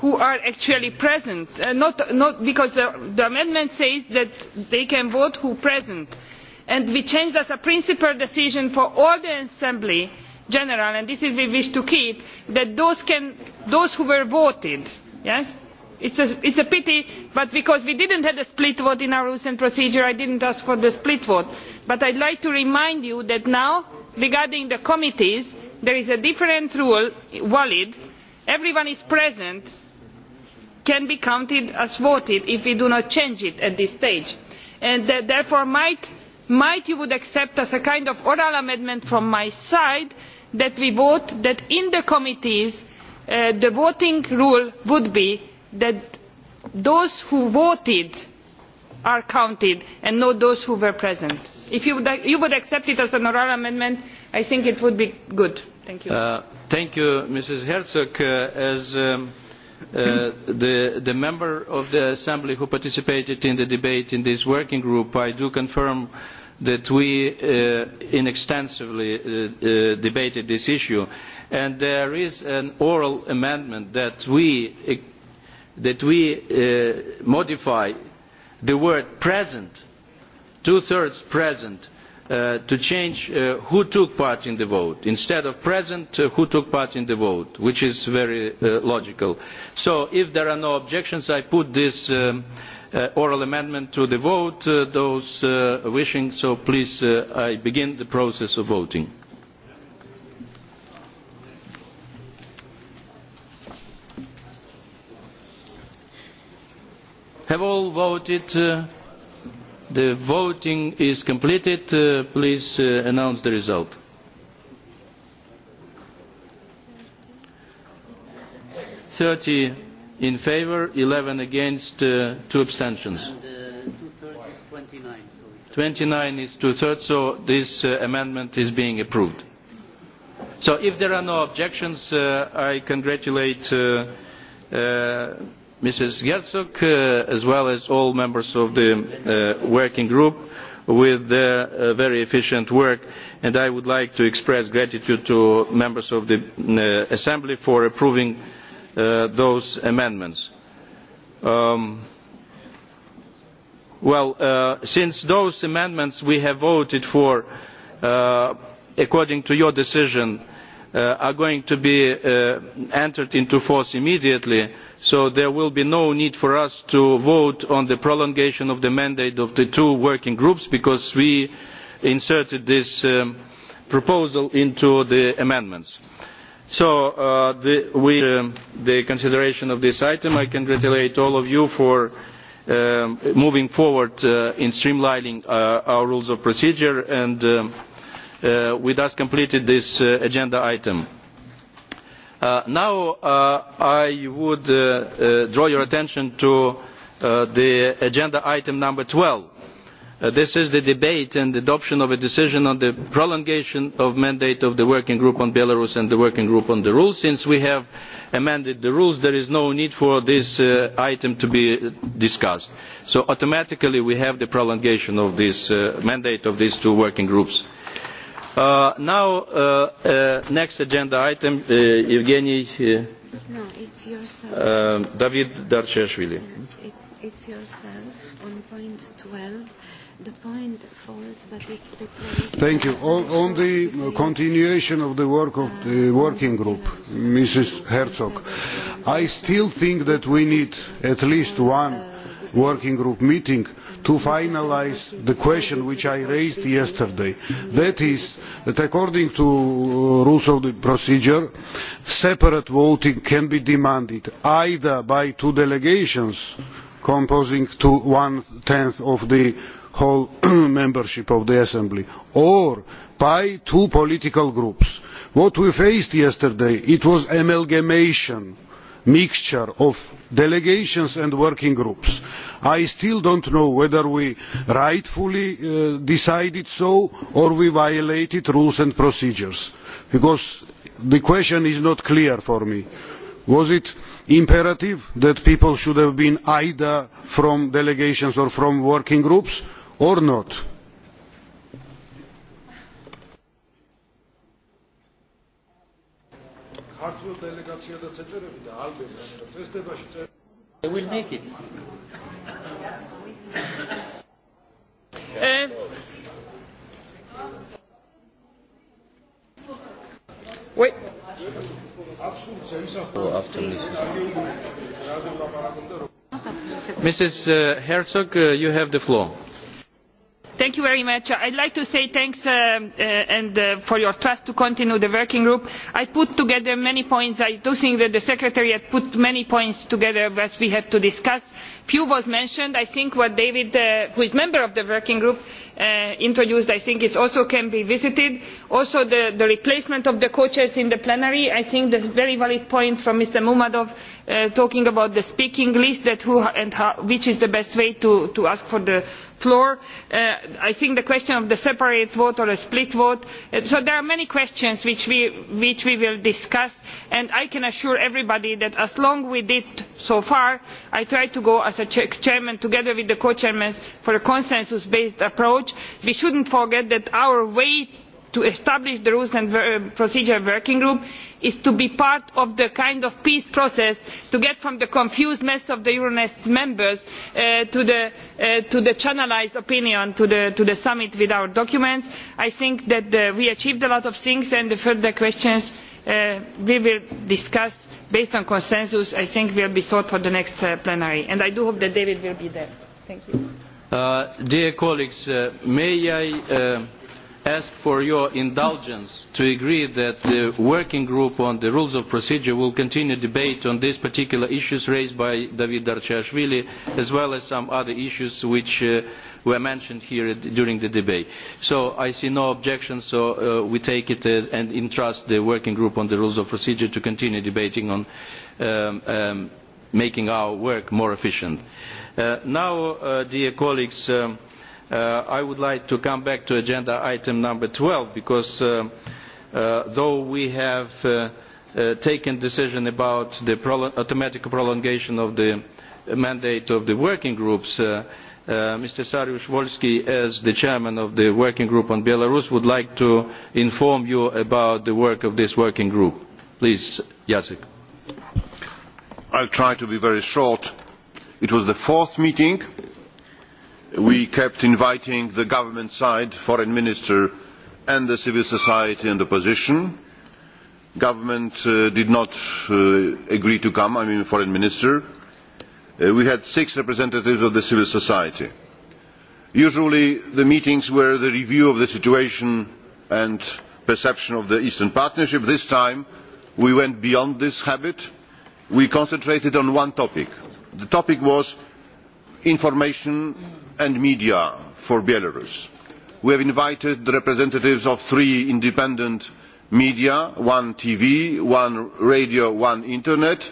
who are actually present uh, because the, amendment says that they can vote who are present and we changed as a principle decision for all the assembly general and this is we wish to keep that those, those who were voted yes it is a pity but because we did not have a split vote in our rules and procedure i did not ask for the split vote but i would like to remind you that now regarding the committees there is a different rule valid everyone is present can be counted as voted if we do not change it at this stage and therefore might, you would accept as a kind of oral amendment from my side that we vote that in the committees uh, the voting rule would be that those who voted are counted and not those who were present. if you would, accept it as an oral amendment i think it would be good. thank you. Uh, thank you mrs herczog. Uh, as um, Uh, the, the member of the assembly who participated in the debate in this working group i do confirm that we uh, extensively uh, uh, debated this issue and there is an oral amendment that we, uh, that we modify the word present two thirds present' Uh, to change uh, who took part in the vote instead of present uh, who took part in the vote which is very logical. so if there are no objections i put this um, oral amendment to the vote. those wishing so please i begin the process of voting. have all voted? The voting is completed. Uh, please uh, announce the result. Thirty in favour, eleven against, uh, two abstentions. Uh, twenty nine is 29. is two-thirds, so this uh, amendment is being approved. So if there are no objections, uh, I congratulate uh, uh, Mrs. Herzog, uh, as well as all members of the uh, working group, with their uh, very efficient work. And I would like to express gratitude to members of the uh, Assembly for approving uh, those amendments. Um, well, uh, since those amendments we have voted for, according to your decision, uh, Uh, are going to be uh, entered into force immediately so there will be no need for us to vote on the prolongation of the mandate of the two working groups because we inserted this um, proposal into the amendments. So with uh, um, the consideration of this item, I congratulate all of you for um, moving forward in streamlining our rules of procedure and Uh, we thus completed this uh, agenda item. Uh, now i would draw your attention to agenda item number twelve this is the debate and adoption of a decision on the prolongation of the mandate of the working group on belarus and the working group on the rules. since we have amended the rules there is no need for this item to be discussed so automatically we have the prolongation of the mandate of these two working groups. Uh, now, uh, uh, next agenda item, uh, Evgeny uh, no, it's yourself. Uh, David Darcheshvili. it's yourself on point 12. The point falls, but it's replaced. Thank you. On, on the continuation of the work of the uh, working group, Mrs. Herzog, I still think that we need at least one working group meeting to finalize the question which I raised yesterday. That is, that according to the uh, rules of the procedure, separate voting can be demanded either by two delegations composing to one-tenth of the whole [CLEARS THROAT] membership of the assembly or by two political groups. what we faced yesterday was an amalgamation mixture of delegations and working groups i still do not know whether we rightfully uh, decided so or we violated rules and procedures because the question is not clear for me. was it imperative that people should have been either from delegations or from working groups or not? They will make it. Eh. Mrs. Uh, Herzog, uh, you have the floor thank you very much. i would like to say thanks uh, uh, uh, for your trust to continue the working group. i put together many points. i do think that the secretariat put many points together that we have to discuss. a few were mentioned. i think what david who is a member of the working group introduced i think it also can be visited. also the, replacement of the co chairs in the plenary i think that is a very valid point from mr mammadov talking about the speaking list and which is the best way to, to ask for the floor. Uh, i think the question of the separate vote or a split vote uh, so there are many questions which we, will discuss and i can assure everybody that as long as we did so far i tried to go as a chairman together with the co chairmen for a consensus based approach. we should not forget that our way to establish the rules and uh, procedure working group is to be part of the kind of peace process to get from the confused mess of the euronest members uh, to the, uh, channelised opinion to the, summit with our documents. i think that we achieved a lot of things and the further questions we will discuss based on consensus i think will be sought for the next plenary and i do hope that david will be there. thank you. dear colleagues may i ask for your indulgence to agree that the working group on the rules of procedure will continue debate on these particular issues raised by David Darchashvili as well as some other issues which uh, were mentioned here during the debate. So I see no objection, so uh, we take it as, and entrust the working group on the rules of procedure to continue debating on um, um, making our work more efficient. Uh, now, uh, dear colleagues, um, Uh, I would like to come back to agenda item number 12 because uh, uh, though we have taken decision about the automatic prolongation of the mandate of the working groups, Mr. Saryusz Wolski, as the chairman of the working group on Belarus, would like to inform you about the work of this working group. Please, Jacek. I'll try to be very short. It was the fourth meeting we kept inviting the government side the foreign minister and civil society and the opposition. the government uh, did not uh, agree to come i mean the foreign minister. Uh, we had six representatives of civil society. usually the meetings were the review of the situation and perception of the eastern partnership. this time we went beyond this habit. we concentrated on one topic. the topic was information and media for belarus. we have invited the representatives of three independent media one tv one radio one internet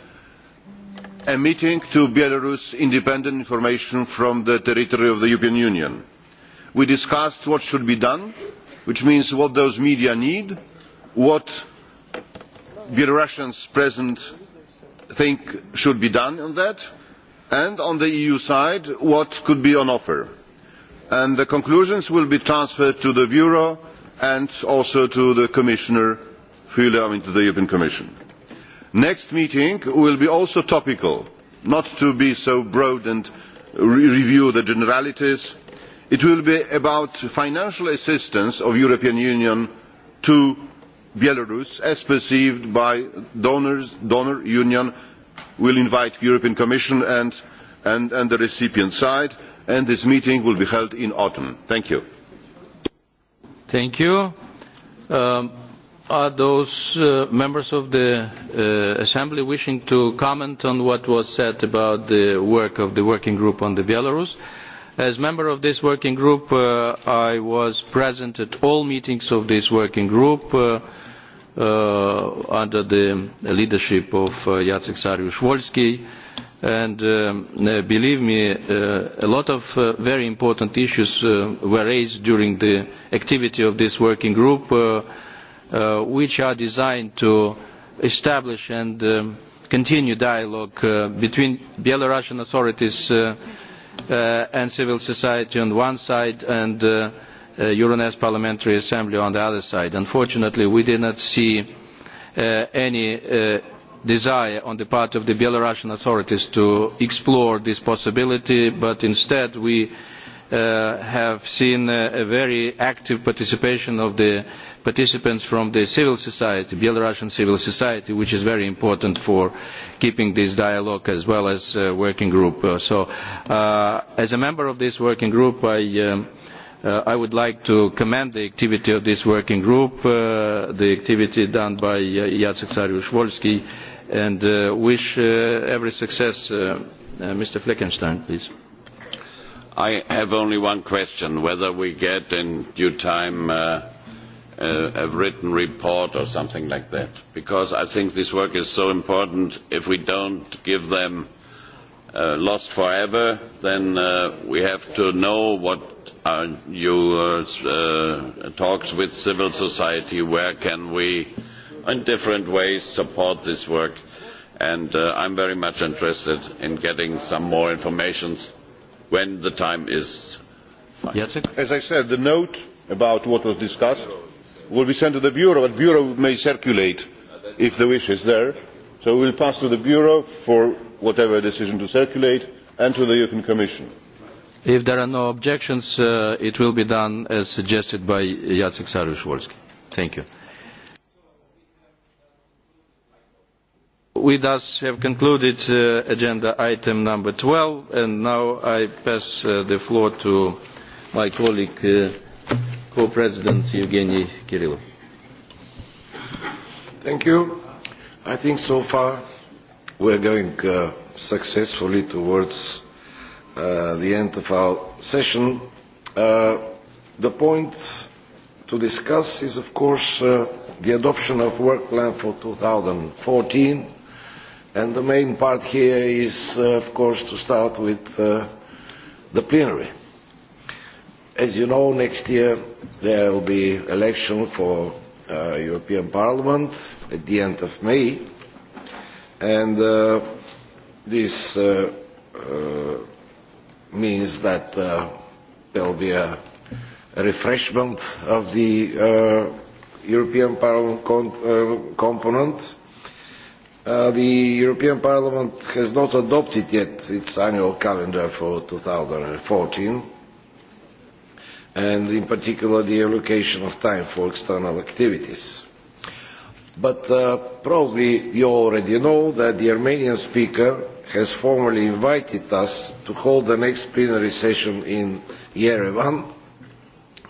a meeting to belarus independent information from the territory of the european union. we discussed what should be done which means what those media need what belarusians present think should be done on that and on the eu side what could be on offer and the conclusions will be transferred to the bureau and also to the commissioner fle I mean to the european commission. the next meeting will also be topical not to be so broad and review the generalities. it will be about financial assistance of the european union to belarus as perceived by donors, donor union will invite the european commission and, the recipient side and this meeting will be held in autumn. thank you. Thank you. Um, are those uh, members of the uh, assembly wishing to comment on what was said about the work of the working group on the belarus? as member of this working group uh, i was present at all meetings of this working group. Uh, under the leadership of uh, Jacek Sariusz-Wolski. And um, uh, believe me, a lot of very important issues were raised during the activity of this working group, which are designed to establish and um, continue dialogue uh, between Belarusian authorities uh, uh, and civil society on one side and Uh, euronest parliamentary assembly on the other side. unfortunately we did not see uh, any uh, desire on the part of the belarusian authorities to explore this possibility but instead we have seen a very active participation of the participants from the civil society, Belarusian civil society, which is very important for keeping this dialogue as well as uh, working group. so as a member of this working group, I um, Uh, I would like to commend the activity of this working group, uh, the activity done by uh, Jacek saryusz wolski and wish every success. Mr. Fleckenstein, please. I have only one question, whether we get in due time a, a written report or something like that, because I think this work is so important. If we don't give them Uh, lost forever, then uh, we have to know what are your uh, talks with civil society, where can we, in different ways, support this work. And uh, I'm very much interested in getting some more information when the time is. Fine. As I said, the note about what was discussed will be sent to the Bureau, and the Bureau may circulate if the wish is there so we will pass to the bureau for whatever decision to circulate and to the european commission. if there are no objections uh, it will be done as suggested by jacek saryusz-wolski. thank you. we thus have concluded uh, agenda item number 12 and now i pass uh, the floor to my colleague uh, co-president Evgeny Kirillov. Thank you. I think so far we are going uh, successfully towards uh, the end of our session. Uh, the point to discuss is, of course, the adoption of work plan for 2014. And the main part here is, of course, to start with the plenary. As you know, next year there will be elections for Uh, European Parliament at the end of May. And uh, this uh, means that there will be a refreshment of the European Parliament component. the European Parliament has not adopted yet its annual calendar for 2014 and in particular the allocation of time for external activities. But uh, probably you already know that the Armenian speaker has formally invited us to hold the next plenary session in Yerevan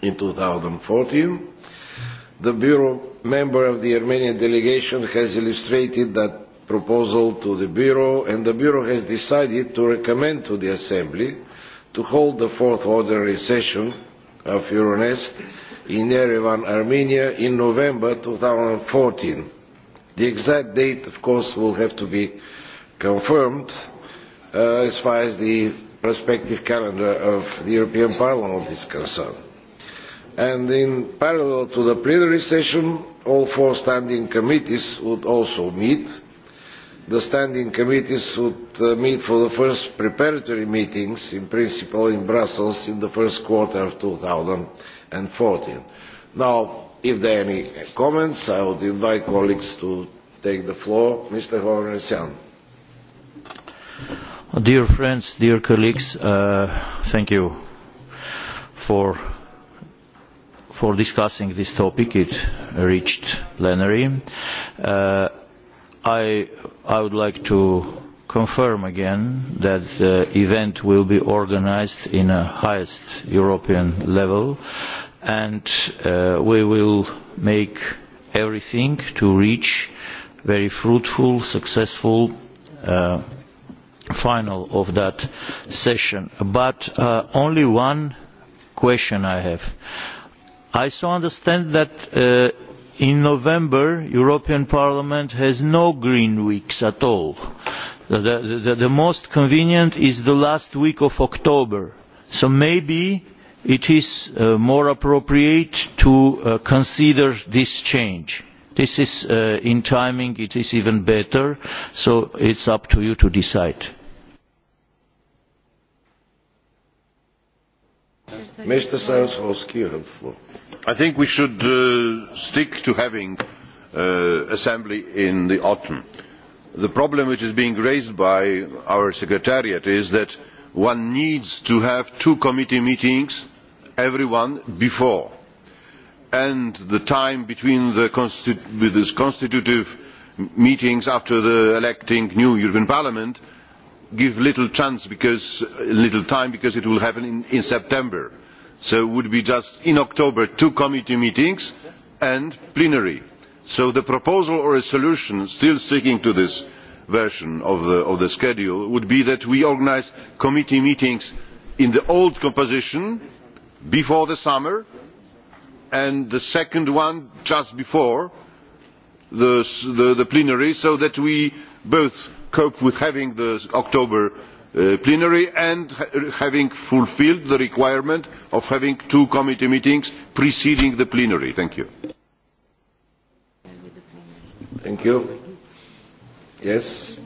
in two thousand and fourteen The Bureau member of the Armenian delegation has illustrated that proposal to the Bureau and the Bureau has decided to recommend to the Assembly to hold the fourth ordinary session of Euronest in Yerevan, Armenia in November two thousand and fourteen The exact date, of course, will have to be confirmed uh, as far as the prospective calendar of the European Parliament is concerned. in parallel to the plenary session, all four standing committees would also meet the standing committees would uh, meet for the first preparatory meetings in principle in brussels in the first quarter of. two thousand and fourteen now if there are any comments i would invite colleagues to take the floor. mr hovhannisyan. dear friends dear colleagues uh, thank you for for discussing this topic. it reached plenary. Uh, I, I would like to confirm again that the event will be organised in the highest European level and uh, we will make everything to reach very fruitful, successful uh, final of that session. But uh, only one question I have. I so understand that uh, in november the european parliament has no green weeks at all. The, most convenient is the last week of october so maybe it is uh, more appropriate to uh, consider this change. this is uh, in timing it is even better so it is up to you to decide. Mr. saryusz I think we should uh, stick to having an uh, assembly in the autumn. The problem which is being raised by our secretariat is that one needs to have two committee meetings, every one before, and the time between the constitutive meetings after the electing new European Parliament give little chance because little time because it will happen in, september so it would be just in october two committee meetings and plenary. so the proposal or a solution still sticking to this version of the, schedule would be that we organise committee meetings in the old composition before the summer and the second one just before the plenary so that we both cope with having the october uh, plenary and having fulfilled the requirement of having two committee meetings preceding the plenary. thank you. Thank you. Yes.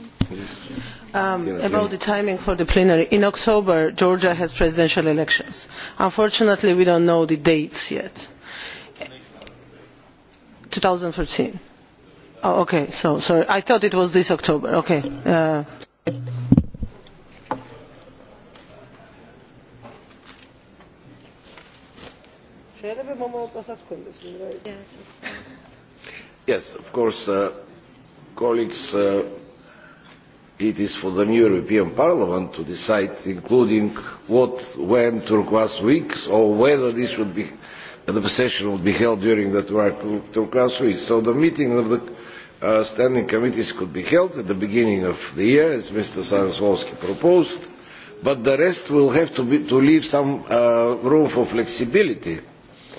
Um, about the timing for the plenary in october georgia has presidential elections. unfortunately we do not know the dates yet. two thousand and Oh, okay. So sorry. I thought it was this October. Okay. Uh... Yes, of course, uh, colleagues, uh, it is for the new European Parliament to decide, including what, when turquoise weeks, or whether this would be, the session would be held during the turquoise week. So the meeting of the Uh, standing committees could be held at the beginning of the year as mr saryusz proposed but the rest will have to, be, to leave some uh, room for flexibility.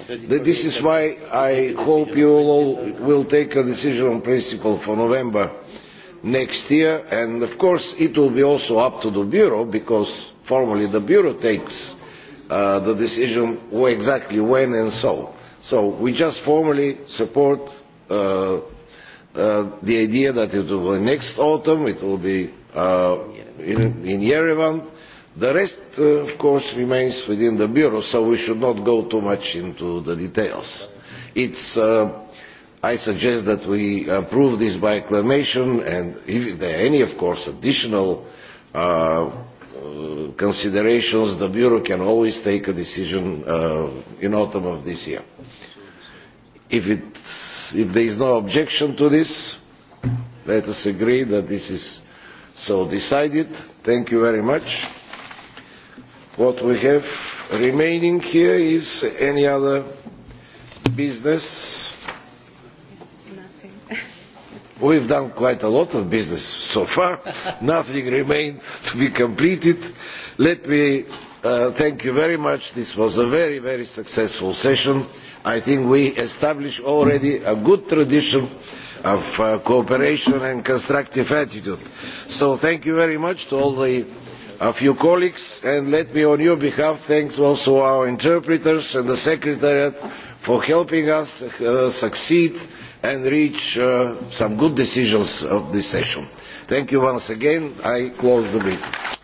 this is why i hope you all will take a decision on principle for november next year and of course it will be also up to the bureau because formally the bureau takes uh, the decision exactly when and so so we just formally support uh, Uh, the idea that it will be next autumn, it will be uh, in, in Yerevan. The rest, uh, of course, remains within the Bureau, so we should not go too much into the details. It's, uh, I suggest that we approve this by acclamation, and if there are any, of course, additional Uh, uh considerations, the Bureau can always take a decision uh, in autumn of this year. If it's if there is no objection to this, let us agree that this is so decided. Thank you very much. What we have remaining here is any other business? Nothing. We've done quite a lot of business so far. [LAUGHS] Nothing remains to be completed. Let me Uh, thank you very much. This was a very, very successful session. I think we established already a good tradition of uh, cooperation and constructive attitude. So thank you very much to all the, of you colleagues and let me on your behalf thank also our interpreters and the secretariat for helping us uh, succeed and reach some good decisions of this session. Thank you once again. I close the meeting.